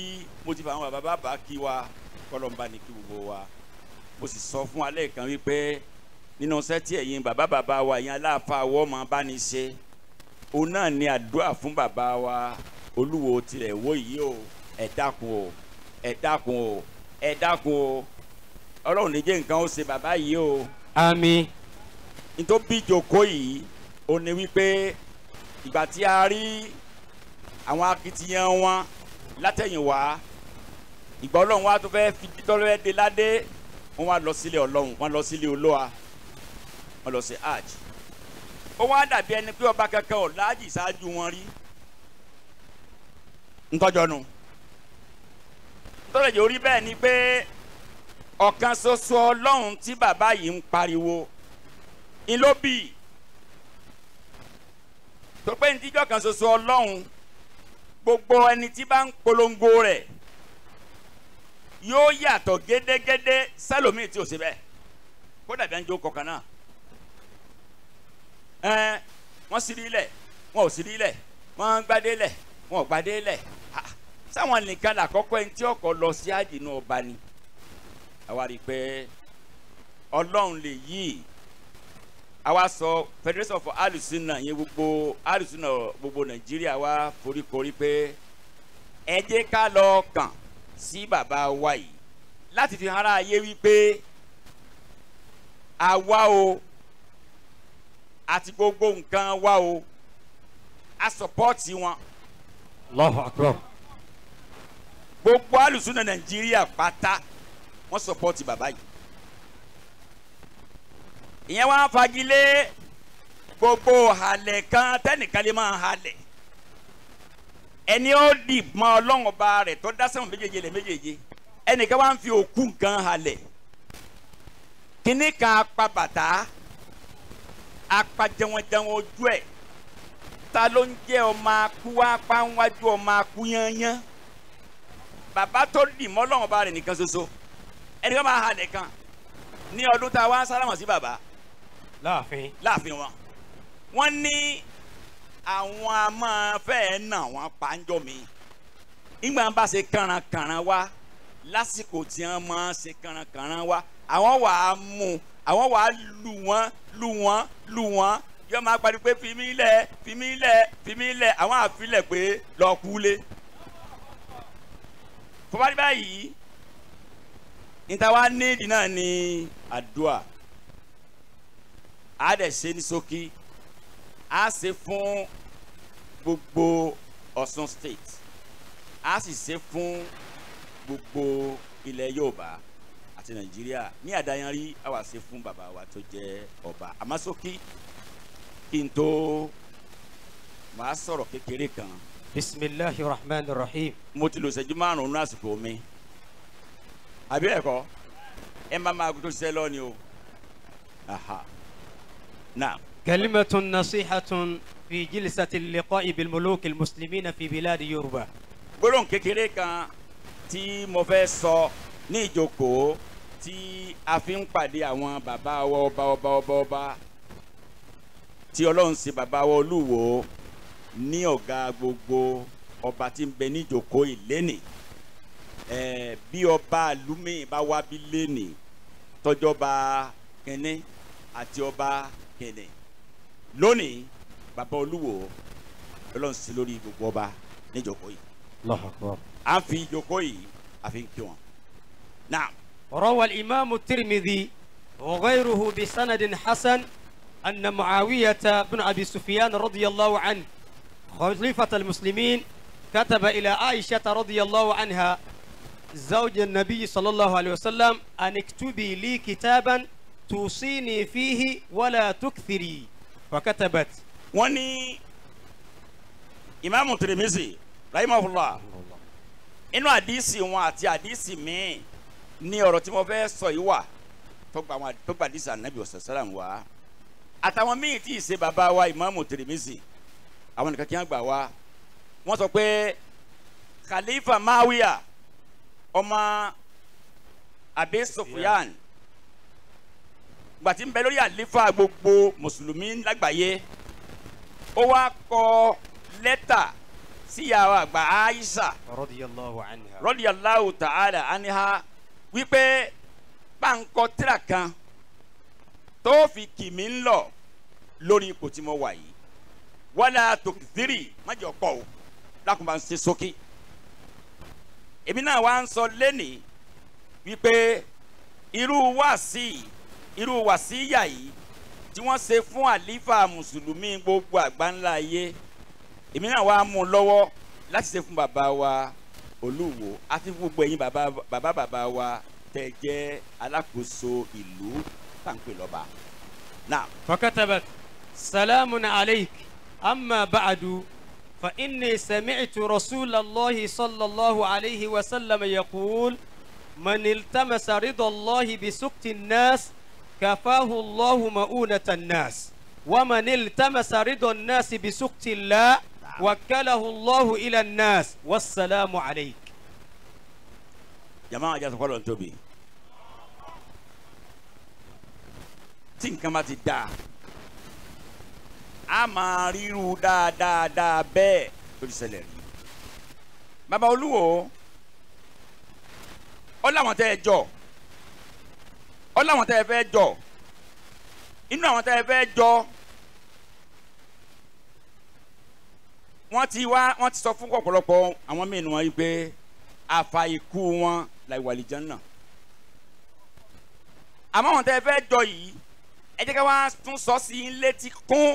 mo ti fa àwọn bàbá bàbá kí wa kọlọ́mbà ní kí gbogbo wa mo sì sọ fún alẹ́ kan wípé nínú sẹ́tì ẹ̀yin bàbá bàbá wa ìyẹn aláàfáà wọ́ máa bá ṣe òun náà ni àdúrà fún bàbá wa olúwo tilẹ̀ wó yìí o ẹ dákun o ẹ dákun o ẹ dákun o ọlọ́run ní jẹ́ nǹkan ó ṣe bàbá yìí o. àmín. nítorí bí yìí ó ní wípé ìgbà tí a rí àwọn akitiyan wọn látẹ̀yìnwá ìgbà ọlọ́run wa tó fẹ́ fi tọ́lọ́fẹ́ de ládé wọ́n wá lọ sílé ọlọ́run wọ́n lọ sílé olóa wọ́n lọ sí hajj ó wá dàbí ẹni pé ọba kankan ò láàjì ṣáájú wọn rí ntọ́jọ́nu ntọ́jọ́ yìí ó rí bẹ́ẹ̀ ni pé ọ̀kan ṣoṣo ọlọ́run tí bàbá yìí ń pariwo ńlọ́bì tó pé ní tíjọ́ kan ṣoṣo ọlọ́run gbogbo ẹni tí bá ń polongo rẹ̀ yóò yàtọ̀ gédégédé sálòmíì tí ò sí bẹ́ẹ̀ kó dàbí ẹni jó kọkàn náà ẹ wọ́n sírí lẹ̀ wọ́n ò sírí lẹ̀ wọ́n gbadé lẹ̀ wọ́n ò gbadé lẹ̀ sáwọn nìkan làkọ́kọ́ ẹni tí ọkọ̀ lọ sí àdínú ọba ni àwa rí i pé ọlọ́run lè yí àwa sọ federation of alusuna yẹn gbogbo alusuna gbogbo nàìjíríà wa foríkorí pé ẹ jẹ́ ká lọ kàn sí bàbá wa yìí láti fi hàn ayé wípé àwa o àti gbogbo nǹkan wa o a sọpọ́ọ̀tì wọn. Allahu Akbar. gbogbo alusuna nàìjíríà pátá wọ́n sọpọ́ọ̀tì bàbá yìí ìyẹn wá fagilé gbogbo halẹ̀ kan tẹ́nìkan lè máa halẹ̀ ẹni ó dì mọ́ ọlọ́run ọba rẹ̀ tó dá sẹ́wọ̀n méjèèjì lẹ̀ méjèèjì ẹnìkan wá ń fi òkú nǹkan halẹ̀ kíní kan apá bàtà apá jẹunjẹun ojú ẹ̀ ta ló ń jẹ́ ọmọ akú wá pa ń wájú ọmọ akú yányán bàbá tó dì mọ́ ọlọ́run ọba nìkan ṣoṣo ẹnìkan máa halẹ̀ kan ní ọdún tá a wá sálámà sí bàbá láàfin láàfin wọn wọ́n ní àwọn a máa fẹ́ẹ́ nà wọ́n panjọ́ mi ìgbà bá ṣe kànrànkànràn wa lásìkò tí wọ́n máa ṣe kànrànkànràn wa àwọn wà á mú àwọn wà á lù wọ́n lù wọ́n lù wọ́n yóò máa pariwo pé fimi lẹ̀ fimi lẹ̀ fimi lẹ̀ àwọn àfilẹ̀ pé lọ́ọ́ kú lé fọwọ́dí báyìí níta wá nídìí náà ní àdúrà a dẹ̀ ṣe ní ṣókí a ṣe fún gbogbo Ọ̀ṣun state a sì ṣe fún gbogbo ilẹ̀ Yorùbá àti Nàìjíríà ní àdáyanrí a wá ṣe fún bàbá wa tó jẹ́ ọba àmọ́ ṣókí kí n tó màá sọ̀rọ̀ kékeré kan. bisimilahi rahman rahim. mo ti lò ṣẹ́jú márùn-ún lásìkò mi àbí ẹ̀kọ́ ẹ má máa tó ṣiṣẹ́ lọ́ni o. Aha. نعم كلمة نصيحة في جلسة اللقاء بالملوك المسلمين في بلاد يوروبا gbólóhùn kékeré kan tí mo fẹ́ sọ ní ìjókòó tí a fi ń pàdé àwọn bàbá wa ọba ọba ọba ọba tí ọlọ́run sí bàbá wa olúwo ní ọ̀gá gbogbo ọba tí ń bẹ ní ìjókòó ìlénì ẹ̀ bí ọba àlùmí bá wá bí lénì tọ́jọba kínní àti ọba kìnìún lónìí bàbá olúwo ọlọ́run sí lórí gbogbo ọba níjókòó yìí. a fi jókòó yìí a fi ń kí wọn. naam. روى الإمام الترمذي وغيره بسند حسن أن معاوية بن أبي سفيان رضي الله عنه خليفة المسلمين كتب إلى عائشة رضي الله عنها زوج النبي صلى الله عليه وسلم أن اكتبي لي كتابا tusini fihi wala tukthiri fakatabat. wọ́n ní imaamu tirimizi rahimahullah inú àdìsí wọn àti àdìsí míì ní ọ̀rọ̀ tí mo fẹ́ sọ yìí wà tó gba àdìsí anabi ọ̀sẹ̀sẹ̀lám wá àtàwọn míì tí ì ṣe bàbá wa imaamu tirimizi àwọn nìkan kí wọ́n gbà wá wọ́n sọ pé khalifa mawiya ọmọ abe sofiyan. Yeah gbàtí ń bẹ lórí àléfà gbogbo mùsùlùmí lágbàáyé ó wá kọ lẹ́tà síyàwó àgbà Aisha radiyallahu anha radiyallahu ta'ala anha wípé pàǹkọ tíra kan tó fi kì ń lọ lórí ipò tí mo wà yìí wala tukthiri májọ pọ̀ o lákùnbà ń ṣe sókè èmi náà wá ń sọ lẹ́nìí wípé irú wáàsí yìí irú wàsíyà yìí tí wọ́n ṣe fún àlífà mùsùlùmí gbogbo àgbáńlá ayé èmi náà wàá mú un lọ́wọ́ láti ṣe fún bàbá wa olúwo àti gbogbo ẹ̀yin bàbá bàbá wa tẹ̀ jẹ́ alákòóso ìlú tàǹpé lọ́ba. náà. fakatabat salamun alayk amma ba'du fa inni sami'tu rasulallahi sallallahu alayhi wa sallam yaqul man iltamasa ridallahi bi sukti nas. كفاه الله مؤونة الناس ومن التمس رضا الناس بسكت الله وكله الله إلى الناس والسلام عليك jama ajá sọ fọlọ ntóbi tí nǹkan bá ti dáa a máa ríru dáadáa bẹ́ẹ̀ tó ti ṣẹlẹ̀ rí baba olúwo ó láwọn tẹ́ ẹ jọ ó láwọn tẹ́ ẹ fẹ́ jọ inú àwọn tẹ́ ẹ fẹ́ jọ wọ́n ti wá wọ́n ti sọ fún ọ̀pọ̀lọpọ̀ àwọn míì wọn pé àfà ikú wọn la ìwàlìjàn náà àmọ́ àwọn tẹ́ ẹ fẹ́ jọ yìí ẹ jẹ́ ká wá tún sọ sí i létí kún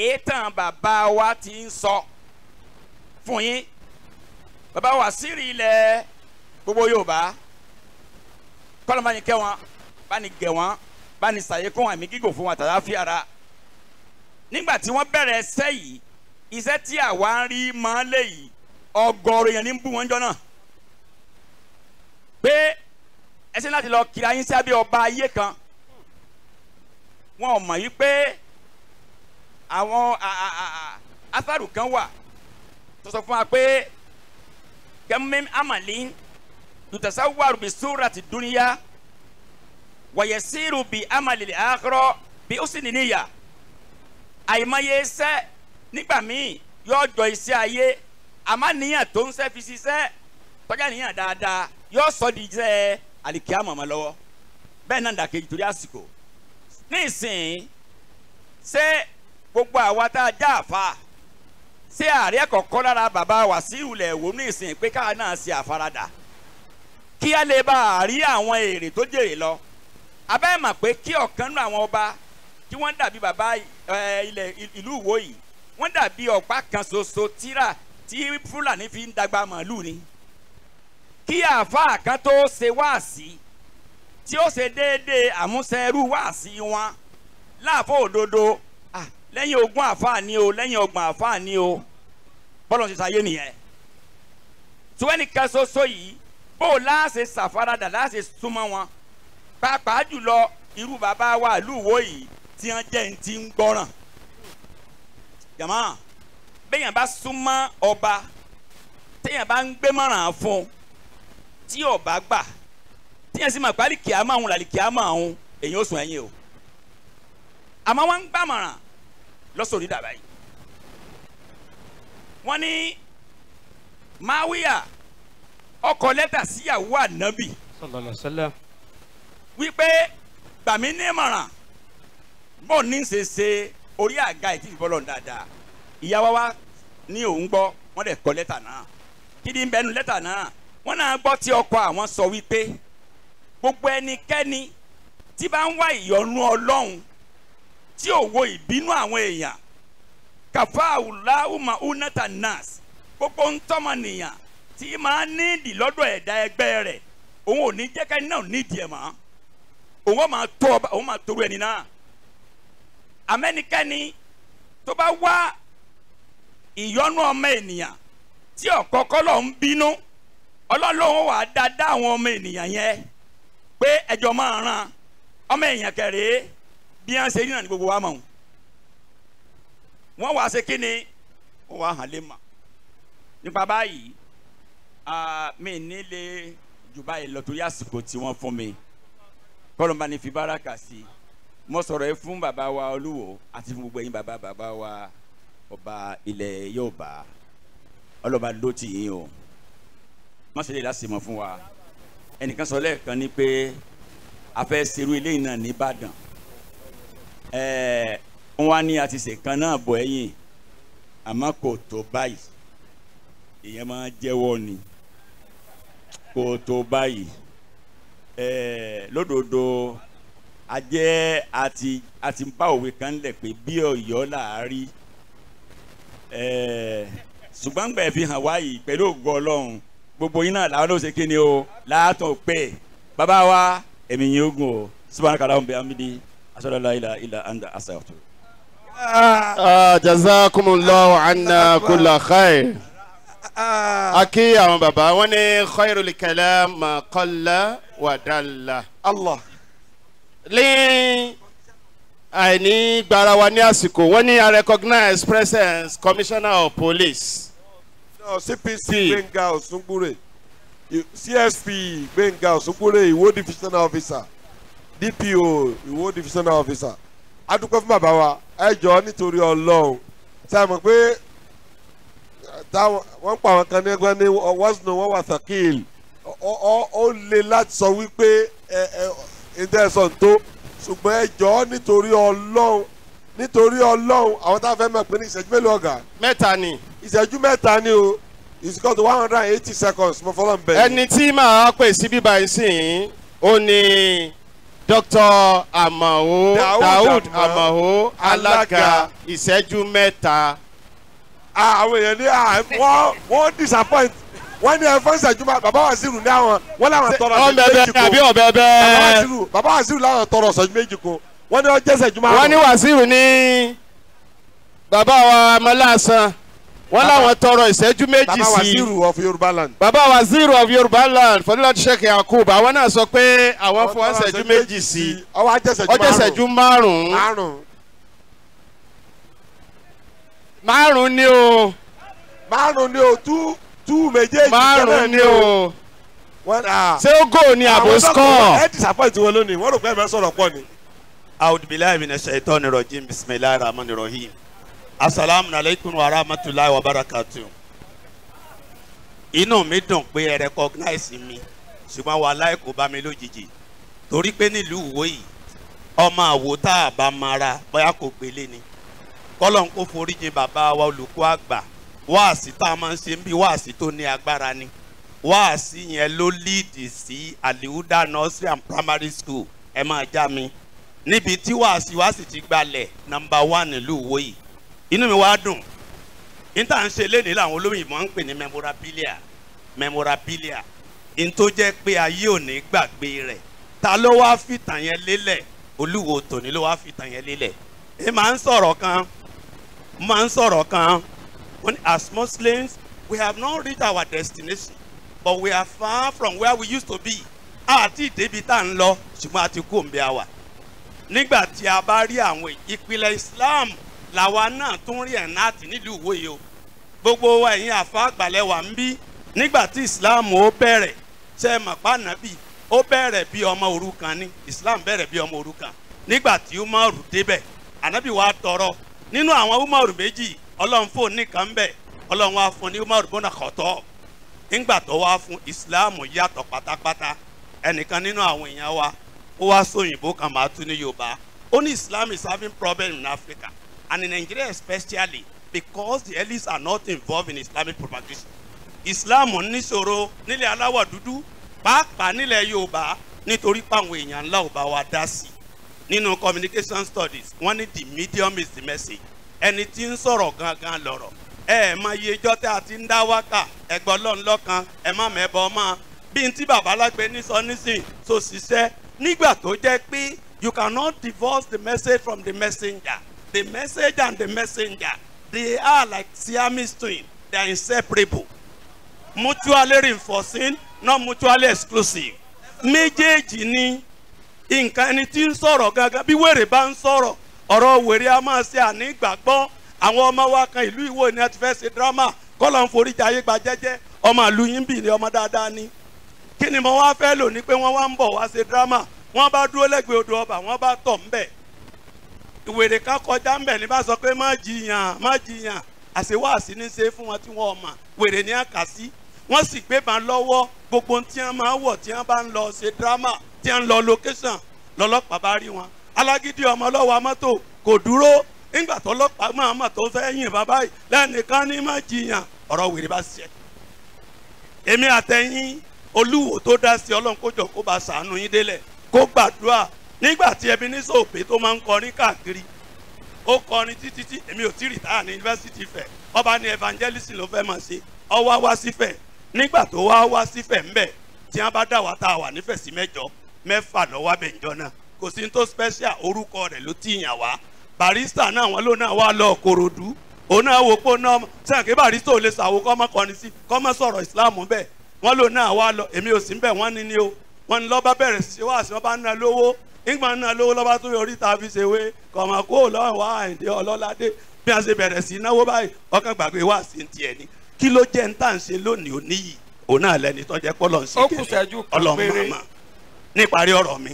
èétàn bàbá wa ti ń sọ fún yín bàbá wa sírì ilẹ̀ gbogbo Yorùbá kọ́lọ́mọ́ yìí kẹ́ wọn bani ní gẹ̀ wọ́n bá ní sàyẹ́kùn àmì gígùn fún wọn àtàláfíà ra nígbà tí wọ́n bẹ̀rẹ̀ ẹsẹ̀ yìí iṣẹ́ tí àwa ń rí máa lè yìí ọgọ́rùn yẹn ní ń bú wọn jọ náà pé ẹsẹ̀ láti lọ kiri ayé sábẹ́ ọba ayé kan wọn ò mọ̀ yìí pé àwọn afárù kan wà tó fún wa pé kẹ́mi amàlí tùtàṣà wàrùbí sóòrà ti dúnìyà wayasiru bi amalil akhirah bi usni niyya àìmọye iṣẹ́ nígbà míì yóò jọ iṣẹ́ ayé àmọ́ níyàn tó ń ṣe fi ṣiṣẹ́ tọ́jà níyàn dáadáa yóò sọ di iṣẹ́ àlìkíyàmọ̀ mọ́ lọ́wọ́ bẹ́ẹ̀ náà dàkejì torí àsìkò ní ìsìn ṣé gbogbo àwa tá a já àfa ṣé àárẹ̀ kọ̀ọ̀kan lára bàbá wa sí ìwùlẹ̀ pé káà náà ṣe àfaradà kí á lè bá a àwọn èrè tó jèrè lọ abẹ́ mọ̀ pé kí ọ̀kan nínú àwọn ọba tí wọ́n dàbí bàbá ilẹ̀ ìlú Ìwó yìí wọ́n dàbí ọ̀pá kan ṣoṣo tíra tí Fúlàní fi ń dàgbà màálù ni kí àáfàá kan tó ṣe wáàsí tí ó ṣe déédéé àmúṣẹrú wáàsí wọn láàfọ̀ òdodo lẹ́yìn ogún àáfàá ni o lẹ́yìn ọgbọ̀n àáfàá ni o bọ́lọ̀ ṣe ṣayé nìyẹn tí wọ́n ní kan ṣoṣo yìí bó láṣẹ ṣàfaradà láṣẹ súnmọ́ wọn pàápàá jùlọ irú bàbá wa lúwo yìí tí wọ́n jẹ́ ní ti ń gbọ́ràn jàmá bẹ́yàn bá súnmọ́ ọba téèyàn bá ń gbé mọ̀ràn fún tí ọba gbà téèyàn sì máa pa àlìkìámà òun làlìkìámà òun èyàn ó sùn ẹ̀yìn o àmọ́ wọ́n ń gbà mọ̀ràn lọ́sọ̀rọ̀ ní dàbá yìí wọ́n ní máwíyà ọkọ̀ lẹ́tà síyàwó ànábì. sallallahu alaihi wípé gbamini nímọ̀ràn bó ní ṣe ṣe orí àga ìtì ìbọ́lọ̀ dáadáa ìyá wa wá ní òun gbọ́ wọ́n kọ lẹ́tà náà ni lẹ́tà náà wọ́n náà gbọ́ tí ọkọ àwọn sọ wípé gbogbo ẹnikẹ́ni tí bá ń wá ìyọ́nú ọlọ́run tí ò wo ìbínú àwọn èèyàn nas gbogbo ń tí máa nídìí lọ́dọ̀ ẹ̀dá ẹgbẹ́ rẹ̀ òun ò ní òun máa tó ọba òun máa torú ẹni náà amẹ́nikẹ́ni tó bá wá ìyọ́nú ọmọ ènìyàn tí ọ̀kọ́kọ́ lọ ń bínú ọlọ́lọ́wọ́ wà dáadáa àwọn ọmọ ènìyàn yẹn pé ẹjọ́ máa ràn ọmọ èèyàn kẹrẹ́ bí wọ́n ṣe yíyan ní gbogbo wa mọ̀ wọ́n wá ṣe kíni wọ́n wá hàn lé mà nípa báyìí mi ní lè jù báyìí lọ torí àsìkò tí wọ́n fún mi kọlọmba ní fi báraka sí mo sọ̀rọ̀ ẹ fún bàbá wa olúwo àti fún gbogbo ẹ̀yin bàbá bàbá wa ọba ilẹ̀ Yorùbá ọlọ́ba ló ti yín o má ṣe lè lásìmọ̀ fún wa ẹnìkan sọ lẹ́ẹ̀kan ni pé a fẹ́ ṣerú eléyìí náà nìbàdàn ẹ̀ẹ́ wọ́n á ní àti ṣèkan náà bọ̀ ẹ̀yìn àmọ́ kò tó báyìí ìyẹn máa jẹ́wọ́ ni kò tó báyìí. Eh, lódodo ajẹ́ àti àti bá òwe kan lẹ̀ pé bí ọ̀yọ́ là á rí eh, ṣùgbọ́n gbẹ̀ fi hàn wáyé pẹ̀lú ògo ọlọ́run gbogbo yín náà làwọn ló ṣe kíni o láàtọ̀ pé bàbá wa ẹ̀mí yín ogun o subahana kala ọ̀hún bẹ́ẹ̀ amídí asọ́dọ̀lá ilà ilà anda asayọ̀tò. jazakumullahu anna kulla khair a ah. kí àwọn bàbá wọn ní khairul kalam ma qalla wa dalla. Allah. ní àìní gbara wa ní àsìkò wọ́n ní a recognize presence commissioner of police. No, CPC Gbénga Òsùngbùrè CSP Gbénga Òsùngbùrè Ìwó divisional officer DPO Ìwó divisional officer adúpẹ́ fún bàbá wa ẹ jọ̀ọ́ nítorí Ọlọ́run sáà mọ̀ pé táwọn wọ́n pa àwọn kan ní ẹgbẹ́ ní wọ́sùnù wọ́n wà sàkíl ó le láti sọ wípé ẹ ẹ ìtẹ̀sán tó ṣùgbọ́n ẹ jọ̀ọ́ nítorí ọlọ́run nítorí ọlọ́run àwọn tá a fẹ́ mọ̀ pé ní ìṣẹ́jú mélòó ọ̀gá. mẹ́ta ni. ìṣẹ́jú mẹ́ta ni o it's got one hundred and eighty seconds mo fọlọ́ nbẹ. ẹni tí màá pè sí bíbá ìsìn ó ní Dr. Amao Daoud Amao alága ìṣẹ́jú mẹ́ta àwọn èèyàn ní wọ́n wọ́n disappoint wọ́n ní ẹ̀fọ́ ìṣàjùmọ̀ bàbá Wasiru ní àwọn wọ́n làwọn tọrọ ọ̀sán méjì kó bàbá Wasiru làwọn tọrọ ọ̀sán méjì kó wọ́n ní ọjọ́ ìṣàjùmọ̀ àwọn. wọ́n ní Wasiru ní bàbá wa mọ́láṣán wọ́n làwọn tọrọ ìṣẹ́jú méjì sí i bàbá Wasiru of Yorùbá land bàbá Wasiru of Yorùbá land Fọdúnládé Sheikh Yakub àwọn náà sọ pé àwọn fún ọ̀ṣẹ́jú méjì sí i ọjọ́ ìṣẹ́jú márùn-ún márùn ni o. márùn ni o tú tú méjèèjì márùn ni o. Ah. ṣé ó gò ní àbò score. asalaamu alaykum wa rahmatulahi wa barakatu. inú mi dùn pé ẹ recognize mi ṣùgbọ́n wàhálà kò bá mi lójijì torí pé nílùú Ìwó yìí ọmọ àwò tá a bá bóyá kò gbélé ni. kọ́lọ́n kó foríjì bàbá wa olùkọ́ àgbà wáàsí tá a máa ń ṣe ń bí wáàsí tó ní agbára ni wáàsí yẹn ló líìdì sí Aliuda nursery and primary school ẹ máa já mi níbi tí wáàsí wá sì ti gbalẹ̀ nọ́mbà one nílùú Ìwó yìí inú mi wá dùn níta ń ṣe léde làwọn olóyìnbó ń pè ní memorabilia memorabilia n tó jẹ́ pé ayé ò ní gbàgbé rẹ̀ ta ló wá fìtàn yẹn lélẹ̀ Olúwo tòní ló wá fìtàn yẹn lélẹ̀ ẹ máa ń sọ̀rọ̀ kan máa ń sọ̀rọ̀ kan wọ́n ní as Muslims we have not reached our destination but we are far from where we used to be àti ìdébi tá à ń lọ ṣùgbọ́n a ti kú òǹbẹ àwà nígbà tí a bá rí àwọn ìpìlẹ̀ Islam làwa náà tún rí ẹ̀ náà tì nílùú Ìwòye o gbogbo wa ẹ̀yin àfa àgbàlẹ̀ wa ń bí nígbà tí Islam ó bẹ̀rẹ̀ ṣe mọ̀pá nàbì ó bẹ̀rẹ̀ bí ọmọ òrukàn ni Islam bẹ̀rẹ̀ bí ọmọ òrukàn nígbà tí Umaru débẹ̀ ànábì wa tọrọ nínú àwọn umaru méjì ọlọ́run fún nìkan ń bẹ̀ ọlọ́run wá fún ní umaru bọ́nà kọ̀tọ́ ńgbà tó wá fún ìsìláàmù yàtọ̀ pátápátá ẹnìkan nínú àwọn èèyàn wa ó wá sóyìnbó kan máa tún ní yorùbá ó ní islam is having problem in africa and in nigeria especially because the elites are not involved in islamic propagation islam níṣòro nílẹ̀ aláwọ̀ dúdú pàápàá nílẹ̀ yorùbá nítorí pàwọn èèyàn ńlá ò bá wa dá sí i nínú communication studies wọ́n ní the medium is the message ẹni tí ń sọ̀rọ̀ gangan lọ̀rọ̀ ẹ ẹ mọ iye ijọ́ tí a ti ń dá wákà ẹgbọ́n lọ́n lọ́kan ẹ má mẹ́bọ mọ́ bí n tí bàbá ní sọ nísìn so ṣiṣẹ́ nígbà tó jẹ́ pé you cannot divorce the message from the messenger the message and the messenger they are like siamese twins they are inseparable mutually reinforcing not mutually exclusive méjèèjì ni nǹkan ẹni tí ń sọ̀rọ̀ gangan bí wèrè bá ń sọ̀rọ̀ ọ̀rọ̀ wèrè a máa ṣe àní ìgbàgbọ́ àwọn ọmọ wa kan ìlú Ìwó ni a ti fẹ́ ṣe dírámà kọ́lọ̀ ń forí jayé gba jẹ́jẹ́ ọmọ ìlú yín bì ní ọmọ dáadáa ni kí ni mo wá fẹ́ lò ní pé wọ́n wá ń bọ̀ wá ṣe dírámà wọ́n bá dúró lẹ́gbẹ̀ẹ́ odò ọba wọ́n bá tọ̀ ńbẹ̀ ìwèrè kan kọjá ńbẹ̀ ní bá sọ pé má jiyàn má jiyàn àṣewáàsí ní ṣe fún wọn tí wọn ọmọ wèrè ní àkàsí wọ́n sì gbé ban lọ́wọ́ gbogbo tí wọ́n máa wọ̀ tí wọ́n bá ń lọ ṣe dírámà tí ń lọ location lọ́lọ́pàá bá rí wọn alágídí ọmọ ọlọ́wà mọ́tò kò dúró nígbà tọ́lọ́pàá máa mọ̀ tó fẹ́ yìnbọn báyìí lẹ́nìkan ní má jiyàn ọ̀rọ̀ wèrè bá ṣe. èmi àtẹ̀yìn olúwo tó dá sí ọlọ́run kó jọ kó bá ṣàánú yín délẹ̀ kó gbàdúrà nígbà tí ẹbí ní sòpè tó máa ń kọrin káàkiri ó kọrin títí tí èmi ò tí ì rìtáyà ní yunifásitì Ifẹ̀ ọba ní evangelist ló fẹ́ máa ṣe ó wá wá sífẹ̀ nígbà tó wá wá sífẹ̀ ńbẹ̀ tí wọ́n bá dà wá tá a wà nífẹ̀ẹ́ sí mẹ́jọ mẹ́fà lọ́wọ́ abẹ́njọ́ náà kò sí tó special orúkọ rẹ̀ ló ti yàn wá barista náà wọn ló náà wá lọ Kòròdú òun náà wò pé náà sẹ́yìn kí barista ò lè sàwó kọ́ mọ́ kọrin sí kọ́ mọ́ sọ̀rọ̀ ìsìláàmù bẹ́ẹ̀ wọn ló náà wá lọ èmi ò sí ń wọ́n ní ni o wọ́n ní lọ́ba bẹ̀rẹ̀ sí wá sí ọba náà lówó ìgbà náà lówó lọ́ba tó yọrí ta fi ṣe wé kọ̀mọ̀ kó lọ́wọ́ wá àìdè ọlọ́ládé bí a ṣe bẹ̀rẹ̀ sí náwó báyìí ọkàn gbàgbé wá sí ti ẹ̀ ni kí ló jẹ́ ń tà ń ṣe lónìí òníyì òun náà lẹni tó jẹ́ pọ́lọ́ ń ṣe kẹ́lẹ́ ọlọ́mọ ní ìparí ọ̀rọ̀ mi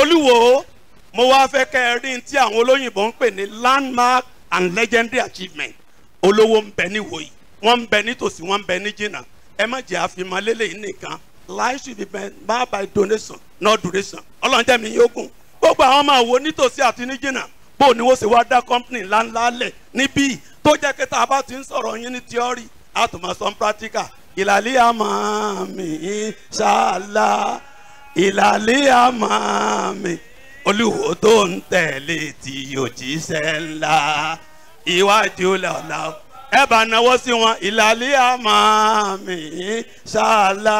olúwo mo wá fẹ́ kẹ́ ẹ rí tí àwọn olóyìnbó ń pè ní landmark and legendary achievement olówó ń bẹ níwòyí wọ́n ń bẹ nítòsí wọ́n ń bẹ ní jìnnà ẹ má jẹ́ àfihàn lélẹ́yìn nìkan life should be measured by donation not duration ọlọ́run jẹ́ mi yín ogun gbogbo àwọn máa wo nítòsí àti ní jìnnà bó ni wọ́n ṣe wá dá company ńláńlá lẹ̀ níbí tó jẹ́ pé tá a bá ti ń sọ̀rọ̀ yín ní theory a tún máa practical ìlàlí àmọ́ mi ṣáàlà ìlàlí àmọ́ mi olúwo tó ń tẹ̀lé tí òjíṣẹ́ ńlá iwájú lọ́la ẹ bá náwó sí wọn ìlàlí àmọ́ mi ṣáàlà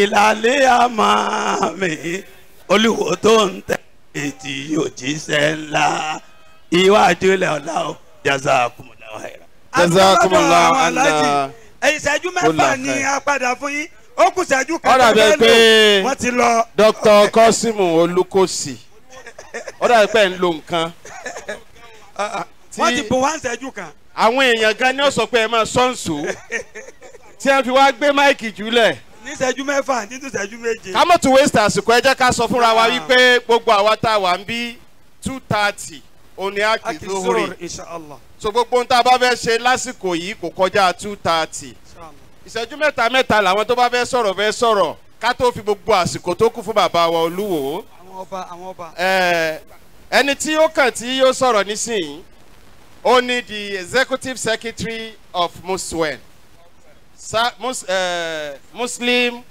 ìlàlí àmọ́ mi olúwo tó ń tẹ̀lé tí òjíṣẹ́ ńlá iwájú lọ́la jazakumullahu khairan. jazakumullahu ìṣẹ́jú mẹ́fà ni a padà fún yín ó kù ìṣẹ́jú kan tó fẹ́ lò wọ́n ti lọ. Dr. Kosimu Olukosi ó dàbí pé ń lo nǹkan. wọ́n ti bùn wá ìṣẹ́jú kan. àwọn èèyàn gan ni ó sọ pé ẹ máa sọ́ǹsù tí wọ́n fi wá gbé máìkì jùlẹ̀ ní ìṣẹ́jú mẹ́fà nínú ìṣẹ́jú méje. ká mọ̀ tún waste àsìkò ẹ jẹ́ ká sọ fúnra wa ah. wípé gbogbo àwa tá a wà ń bí two thirty òní àkìlóhùrì. inshallah so gbogbo ohun tá a bá fẹ́ ṣe lásìkò yìí kò kọjá two thirty ìṣẹ́jú mẹ́ta mẹ́ta làwọn tó bá fẹ́ sọ̀rọ̀ fẹ́ sọ̀rọ̀ ká tó fi gbogbo àsìkò tó kù fún bàbá wa olúwo. àwọn ọba àwọn ọba. ẹni tí ó kàn tí yóò sọ̀rọ̀ nísìnyí ó ní the executive secretary of muswen mus, muslim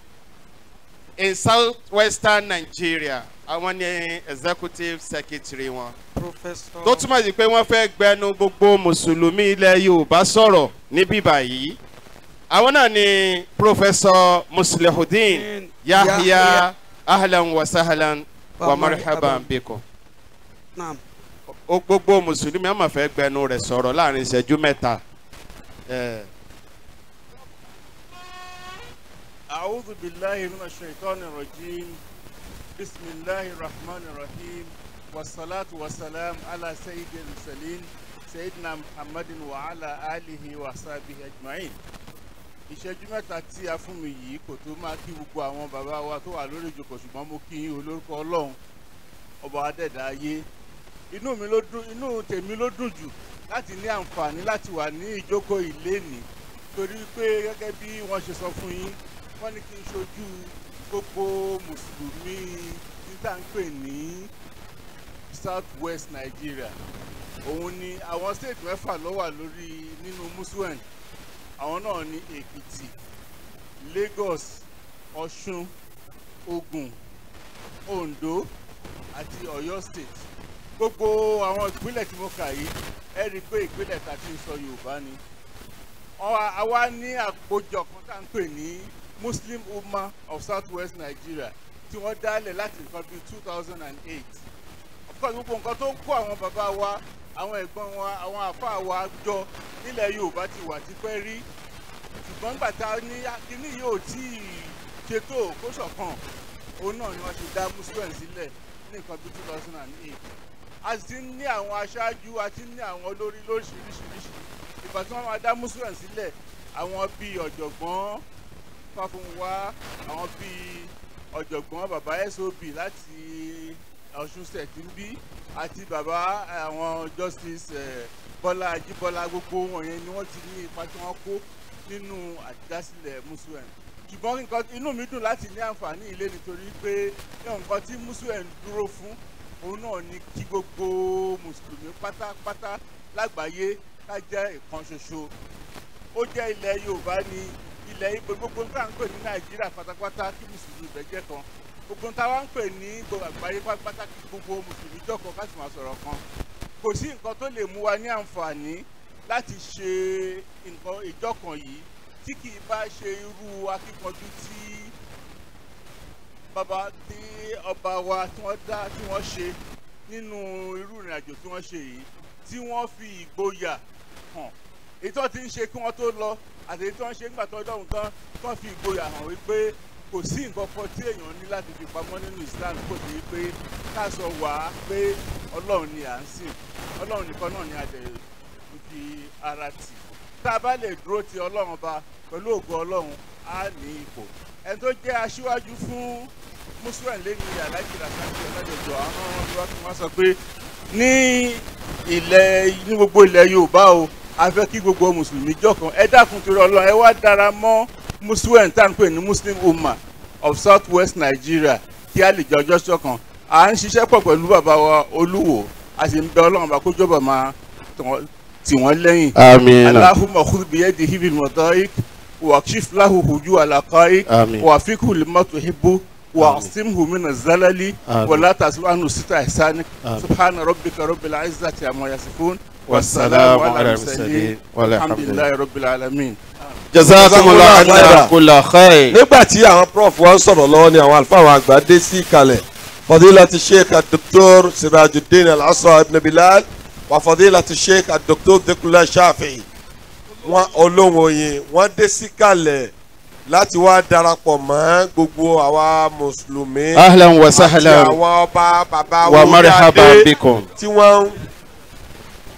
in southwestern nigeria àwọn ni executive secretary wọn. professor tó túmọ̀ sí pé wọ́n fẹ́ gbẹnu gbogbo mùsùlùmí ilẹ̀ yorùbá sọ̀rọ̀ níbí báyìí àwọn náà ni professor muslehudeen yahya ahlan wa sahlan wa marhaban biko. o gbogbo mùsùlùmí a máa fẹ́ gbẹnu rẹ̀ sọ̀rọ̀ láàrin ìṣẹ́jú mẹ́ta. أعوذ بالله من الشيطان الرجيم بسم الله الرحمن الرحيم والصلاة والسلام على سيد المرسلين سيدنا محمد وعلى آله وصحبه أجمعين ìṣẹ́jú mẹ́ta tí a fún mi yìí kò tó máa kí gbogbo àwọn bàbá wa tó wà lórí ìjòkó ṣùgbọ́n mo kí yín olórúkọ ọlọ́run ọba adẹ́dá ayé inú mi ló dùn inú tèmi ló dùn jù láti ní àǹfààní láti wà ní ìjókòó ìlénìí torí pé gẹ́gẹ́ bí wọ́n ṣe sọ fún yín wọ́n ní kí n ṣojú gbogbo mùsùlùmí títà ń pè ní south west Nigeria òun ni àwọn state mẹ́fà ló wà lórí nínú musuen àwọn náà ni Èkìtì Lagos Ọ̀ṣun Ogun, Ondo àti Ọ̀yọ́ state gbogbo àwọn ìpínlẹ̀ tí mo kà yìí ẹ rí i pé ìpínlẹ̀ tàbí sọ Yorùbá ni àwa ní àkójọ kan tá à ń pè ní muslim umma of southwest nigeria tí wọ́n dálẹ̀ láti nǹkan bíi two thousand and eight of course gbogbo nǹkan tó ń kó àwọn bàbá wa àwọn ẹ̀gbọ́n wa àwọn àfáà wa jọ nílẹ̀ yorùbá ti wà tipẹ́ rí ṣùgbọ́n nígbà tá a ní kíní yóò tí ì ṣètò kó ṣọ̀kan òun náà ni wọ́n ṣe dá muslim sílẹ̀ ní nǹkan bíi two thousand and eight a ti ń ní àwọn aṣáájú a ti ń ní àwọn olórí lóríṣiríṣiríṣi ìgbà tí wọ́n máa dá muslim sílẹ̀ àwọn bíi ọ̀jọ̀gbọ́n Fágúnmu wá àwọn bíi ọ̀jọ̀gbọ́n bàbá SOB láti Ọ̀ṣun sẹ̀tì ń bí àti bàbá eh, àwọn Justice eh, Bọ́lá Ajíbọ́lá gbogbo wọ̀nyẹn ni wọ́n ti ní ipa tí wọ́n kó nínú àdásílẹ̀ Mùsùlùmí ṣùgbọ́n nǹkan inú mi dùn láti ní àǹfààní ilé nítorí pé nǹkan tí Mùsùlùmí dúró fún òun náà ni kí gbogbo mùsùlùmí pátápátá lágbàáyé ká jẹ́ ìkan ṣoṣo ó jẹ́ ilẹ̀ Yorùbá ni ilẹ̀ ibo gbogbo nǹkan à ń pè ní nàìjíríà pátápátá kí mùsùlùmí ibẹ̀ jẹ́ kan gbogbo nǹkan wa ń pè ní gbogbo àgbáyé pátápátá kí gbogbo mùsùlùmí jọ̀kan ká sì máa sọ̀rọ̀ kan kò sí nǹkan tó lè mú wa ní àǹfààní láti ṣe nǹkan ìjọ̀kan yìí tí kì í bá ṣe irú akíkanjú tí bàbá tí ọba wa tí wọ́n dá tí wọ́n ṣe nínú irú ìrìnàjò tí wọ́n ṣe yìí tí wọ́n fi ìgboyà hàn èyí tó ti ń ṣe kí wọ́n tó lọ àti èyí tó ń ṣe nígbà tó dọ̀hún tán tó fi ìgboyà hàn wípé kò sí nǹkan kan tí èèyàn ní láti fi pamọ́ nínú Islam kò sí pé ká sọ wá pé Ọlọ́run ni à ń sìn Ọlọ́run nìkan náà ni a dẹ̀ fi ara tì tá a bá lè dúró ti Ọlọ́run ba pẹ̀lú ògo Ọlọ́run á ní ipò ẹni tó jẹ́ aṣíwájú fún muslim lẹ́ni aláàjì rasaki ọ̀làjọjọ àwọn ọmọ ọdún wa fi wọ́n sọ pé ní ilẹ̀ ní gbogbo ilẹ̀ Yorùbá o a fẹ́ kí gbogbo mùsùlùmí jọ̀kan ẹ dákun torí ọlọ́run ẹ wá dára mọ́ muslim tá à ń pè ní muslim umma of south west nigeria kí a lè jọ ọjọ́ ṣọ̀kan à ń ṣiṣẹ́ pọ̀ pẹ̀lú bàbá wa olúwo a sì ń bẹ ọlọ́run bá kó jọba máa tì wọ́n lẹ́yìn. àmín. aláhùnmọ̀ kúrú bìyẹ́ di hibil mọ̀tọ́ik wàkṣif láhùn hùjú àlàkọ́ik wàfíkù lèmọ́tò hibu wàásímù mìíràn zálálí wọlá tàṣíwánu sítà ìsánik subhana rabbika rabbil izzati àmọ́ yasifun. والسلام على المرسلين والحمد لله رب العالمين. jazakumullahu anna kulla khair. nígbà tí àwọn prof wa ń sọ̀rọ̀ lọ́wọ́ ni àwọn alfa wa àgbà dé sí kalẹ̀ fadilati sheikh dr sirajuddin al-asra ibn bilal wa fadilati sheikh dr dhikrullah shafi'i wọn olóhùn oyin wọn dé sí kalẹ̀ láti wá darapọ̀ mọ́ gbogbo àwa mùsùlùmí. ahlan wa sahlan àti àwa ọba bàbá wọlé tí wọ́n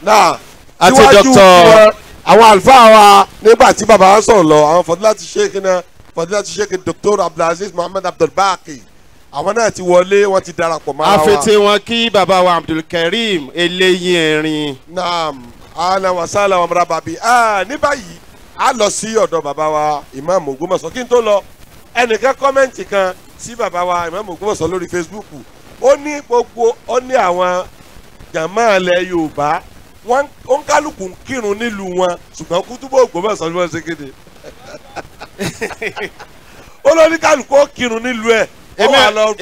àti dr àwọn àlùfáà wa nígbà tí bàbá wa sọ̀rọ̀ lọ àwọn fọdúláti sheik náà fọdúláti sheik dr abdulaziz muhammed abdulbaki àwọn náà ti wọlé wọn ti darapọ̀ mọ́ ara wa. àfètè wọn kí bàbá wa abdulkareem eléyìí ẹ̀rin. naam ala wasala wa maraba bi ní báyìí a lọ sí ọ̀dọ̀ bàbá wa imam Ògbómọ̀ṣọ́ kí n tó lọ ẹnìkan kọ́mẹ́ǹtì kan sí bàbá wa imam Ògbómọ̀ṣọ́ lórí facebook ó ní gbogbo ó ní àwọn jàmáà yorùbá wọ́n ń kálukú ń kírun nílùú wọn ṣùgbọ́n kútúbù ògbómọ̀ sọ ni ṣe kéde olórí kálukú kírun nílùú ẹ̀ èmi ọ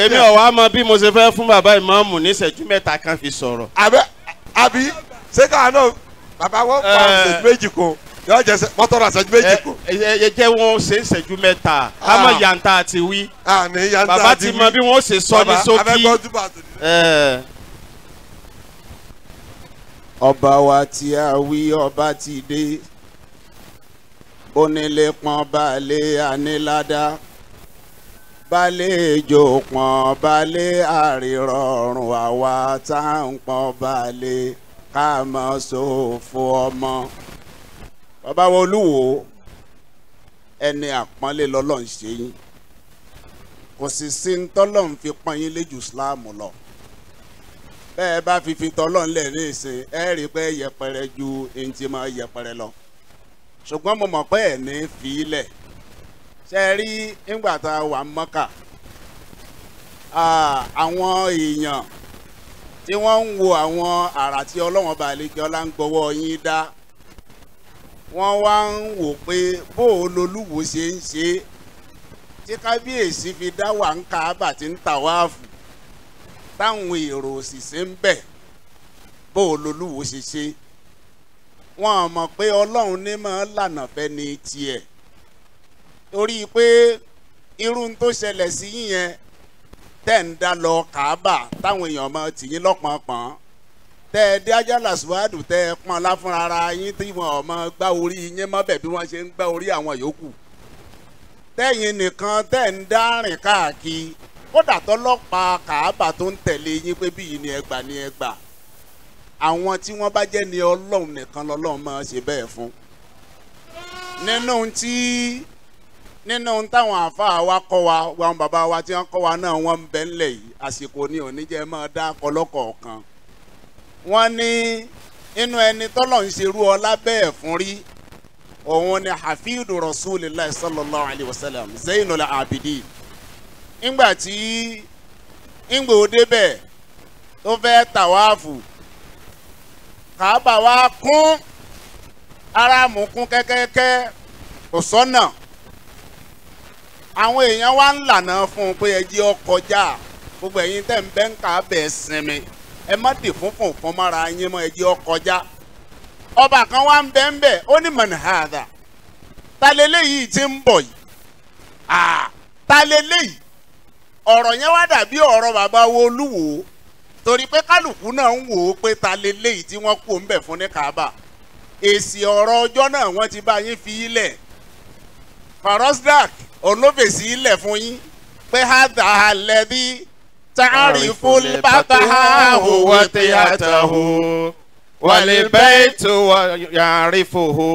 èmi ọ wàá mọ bí mo ṣe fẹ́ fún bàbá ìmáàmù ní ìṣẹ́jú mẹ́ta kan fi sọ̀rọ̀. àbí ṣé káà náà bàbá wọn pa eh. ìṣẹ́jú méjì kan yóò jẹ mọ́tọ́rọ̀ ìṣẹ́jú méjì kan. ẹ eh, eh, jẹ́ wọn ṣe ìṣẹ́jú mẹ́ta a mọ̀ ah. yàntà àti wí ah, bàbá ti mọ bí wọ́n ṣe sọ ní ṣókí ọba wa tí a wí ọba ti dé onílé pọ́n baálé anilada baálé ejò pọ́n baálé àrírọ̀rùn àwa tá à ń pọ́n baálé ká mọ̀ sófo ọmọ. bàbá wa olúwo ẹni àpọ́nlé lọ́lọ́run ṣe yín kò sì sí ń tọ́lọ́run fi pọ́n yín léjù islam lọ bẹ́ẹ̀ bá fífi tọ́lọ́n lẹ̀ ní ìsìn ẹ rí i pé yẹpẹrẹ ju ẹni tí máa yẹpẹrẹ lọ ṣùgbọ́n mo mọ̀ pé ẹ̀ ní fi ṣe é rí nígbà tá a wà mọ́kà àwọn èèyàn tí wọ́n ń wo àwọn àrà tí ọlọ́wọ́n bá lè kí ọlá ń gbọ́wọ́ yín dá wọ́n wá ń wò pé bó o lolúwo ṣe ń ṣe tí kábíyèsí fi dá wà ń ka bàtí ń tà wá táwọn èrò òṣìṣẹ́ ń bẹ̀ bó o lolúwo ṣe ṣe wọn à mọ̀ pé ọlọ́run ní máa lànà fẹ́ ní tiẹ̀ torí pé irú tó ṣẹlẹ̀ sí yín yẹn tẹ́ ń dá lọ kàábà táwọn èèyàn mọ tìyín lọ́pọ̀npọ̀n tẹ́ ẹ dé ajálà síwájú tẹ́ ẹ pọ́n láfúnra ara yín tí wọn ò gbá orí yín mọ́bẹ̀ bí wọ́n ṣe ń gbá orí àwọn yòókù tẹ́yìn nìkan tẹ́ ń dárìn káàkiri kódà tọlọ́pàá kàábà tó ń tẹ̀lé yín pé bíyìí ni ẹgbà ni ẹgbà àwọn tí wọ́n bá jẹ́ ni ọlọ́run nìkan lọ́lọ́run máa ṣe bẹ́ẹ̀ fún nínú tí nínú táwọn àáfàá wa kọ́ wa wọn bàbá wa tí wọ́n kọ́ wa náà wọ́n ń bẹ ńlẹ̀ yìí àsìkò ni òní jẹ́ máa dá kọlọ́kọ̀ọ̀kan wọ́n ní nínú ẹni tọ́lọ́run ṣerú ọlá bẹ́ẹ̀ fún rí òun ni hafidu rasulillah sallallahu alayhi wa sallam zainul abidin ńgbà tí ńgbà ó débẹ̀ tó fẹ́ tàwáàfù kàábà wa kún aráàmù kún kẹ́kẹ́kẹ́ kò sọ́nà àwọn èèyàn wa ń lànà fún un pé ẹ jí ọkọjá gbogbo ẹ̀yin tẹ ń bẹ́ ń kà á bẹ̀ sinmi ẹ má dì fúnfún fún mọ́ra yín mọ́ ẹ jí ọkọjá ọba kan wa ń bẹ́ ó ní mọ̀nàhàdà ta lélẹ́yìí ti ń bọ̀ yìí ta lélẹ́yìí ọ̀rọ̀ yẹn wá dàbí ọ̀rọ̀ bàbá olúwo torí pé kálukú náà ń wò ó pé ta leléyìí tí wọ́n kó ń bẹ̀ fún ní kaaba èsì ọ̀rọ̀ ọjọ́ náà wọ́n ti bá yín fi ilẹ̀ farosdak olófèsì ilẹ̀ fún yín pé hàdà àlẹ́bí tààrí fún bàtà òwò tí a tà hù wàlẹ̀ bẹ́ẹ̀ tó yàrá ìfòhò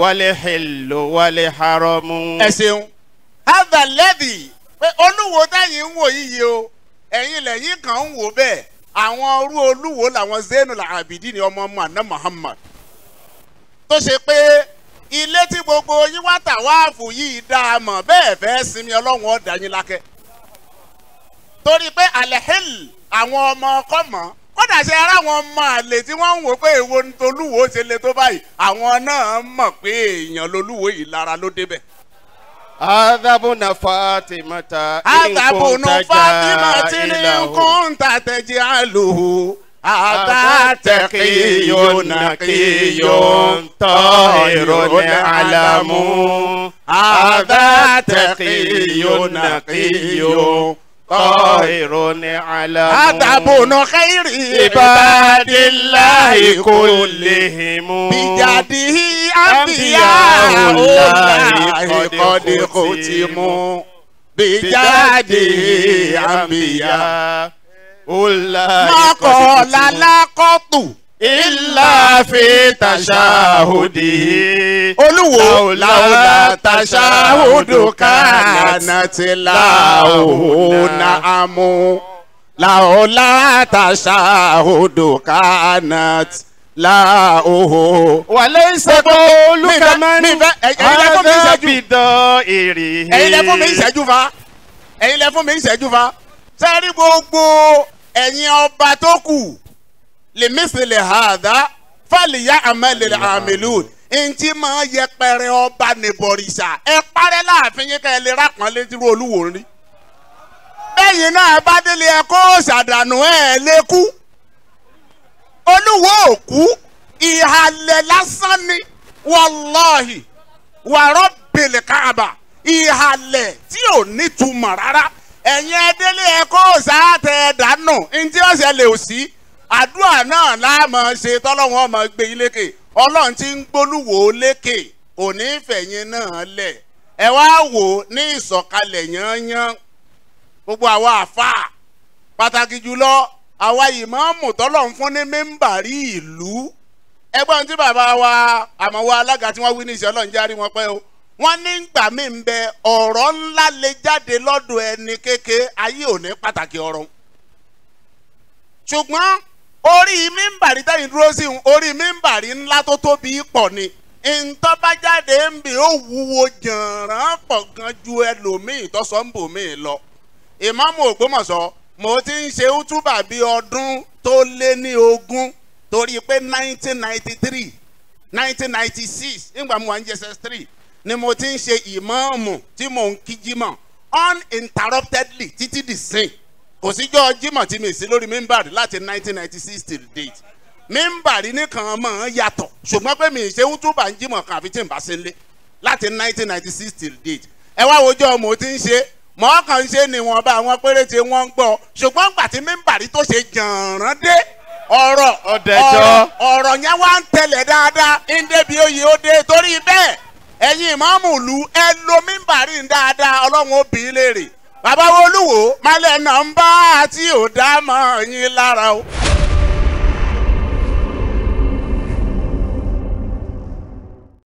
wàlẹ̀ hìlò wàlẹ̀ haramu. ẹ ṣeun hàdà lẹ́dìí. pé olúwo táyìn ń wò yíyí o ẹ̀yin lẹ́yìn kan ń wò bẹ́ẹ̀ àwọn orú olúwo làwọn Zainul Abidin ọmọ ọmọ àná Muhammad tó ṣe pé ilé tí gbogbo yín wá tàwáàfù yìí dáa mọ̀ bẹ́ẹ̀ fẹ́ sinmi ọlọ́run ọ̀dà yín lákẹ́ torí pé alehil àwọn ọmọ ọkọ mọ̀ kódà ṣe ara àwọn ọmọ àlè tí wọ́n ń wò pé èwo ni tolúwo ṣe le tó báyìí àwọn náà mọ̀ pé èèyàn lolúwo yìí lára ló débẹ̀. Adabuna Fatimata. Adabuna Fatimata ni nkunta tẹ̀jẹ̀ àlùhù. Ata tẹ̀kíyó nàkíyó tọ́ alamu. Ata na nàkíyó. طائر علم أدب خير عباد الله كلهم بجده أنبياء الله قد ختموا بجده أنبياء الله ما قال لقط ìlà fi tàṣà òdì. olúwo làwùlà tàṣà òdò kàánà ti làwò nàámú. làwùlà tàṣà òdò kàánà ti làwò. wàlẹ́ ìṣẹ́gun olùkà máa ń èrè. ẹ̀yin lẹ fún mi ìṣẹ́jú fa ẹ̀yin lẹ fún mi ìṣẹ́jú fa sẹ́rí gbogbo ẹ̀yin ọba tó kù lèmísìlè hàdá fàlìyà àmàlè àmìlú ntí máa yẹpẹrẹ ọba nìbọrìṣà ẹ parẹ́ láàfin yín ká ẹ lè rápọn létí olúwo rí bẹ́yìn náà bá délé ẹ kó ṣàdànù ẹ lékú olúwo òkú ìhàlẹ̀ lásán ni wàlọ́ọ̀hì wàrọ̀ bèlè káàbà ìhàlẹ̀ tí ò nítumọ̀ rárá ẹ̀yin ẹ délé ẹ kó ṣàtẹ̀ dànù ntí ọ̀sẹ̀ lè sí. àdúrà náà láàmọ̀ ṣe tọ́lọ́wọ́n ọmọ gbé yín lékè ọlọ́run ti ń gbólúwò lékè kò ní fẹ̀yìn náà lẹ̀ ẹ wá wò ní ìsọ̀kalẹ̀ yányán gbogbo àwa àfa pàtàkì jùlọ àwa tọ́lọ́run fún ní ìlú ẹgbọ́n tí bàbá wa àmọ́ wa alága tí wọ́n wí ní ìṣẹ́ ọlọ́run járí wọn pẹ́ o wọ́n ní gbà mí ń bẹ ọ̀rọ̀ ńlá lè jáde lọ́dọ̀ ẹni kéke ayé òní pàtàkì ọ̀rọ̀ ṣùgbọ́n orí mímbàrí tẹ́yìn dúró sí un orí mímbàrí ńlá tó tóbi pọ̀ ni ntọ́bájáde ń bì ó wúwo jàǹrán pọ̀ gan ju ẹlòmíì tọ́sọ̀ ń bò míì lọ ìmáàmù Ògbómọ̀ṣọ́ mo ti ń ṣe útúbà bíi ọdún tó lé ní ogún torí pé nineteen ninety three nineteen ninety six nígbà mo three ni mo ti ń ṣe ìmáàmù tí mò ń kíjí mọ̀ uninterruptedly títí dì sìn kò síjọ́ Jímọ̀ tí mi sí lórí mímbàrí láti 1996 till date mímbàrí nìkan mọ̀ ń yàtọ̀ ṣùgbọ́n pé mi ṣe ń túbà ń jímọ̀ kan àfi tí n bá ṣe láti 1996 till date ẹ wá wojọ́ mo ti ń ṣe mọ́ kàn ń ṣe níwọ̀nba àwọn péréte wọ́n ń gbọ́ ṣùgbọ́n gbà tí mímbàrí tó ṣe jàǹrán dé ọ̀rọ̀ ọ̀rọ̀ yẹn wá ń tẹ̀lẹ̀ dáadáa ń débi oyè ó dé torí bẹ́ẹ̀ ẹ̀yin ìmáàmù ìlú ẹ lo mímbàrí dáadáa ọlọ́run ó bì léèrè bàbá olúwo malẹ̀ nọ́mbà tí ò dá mọ́ yín lára o.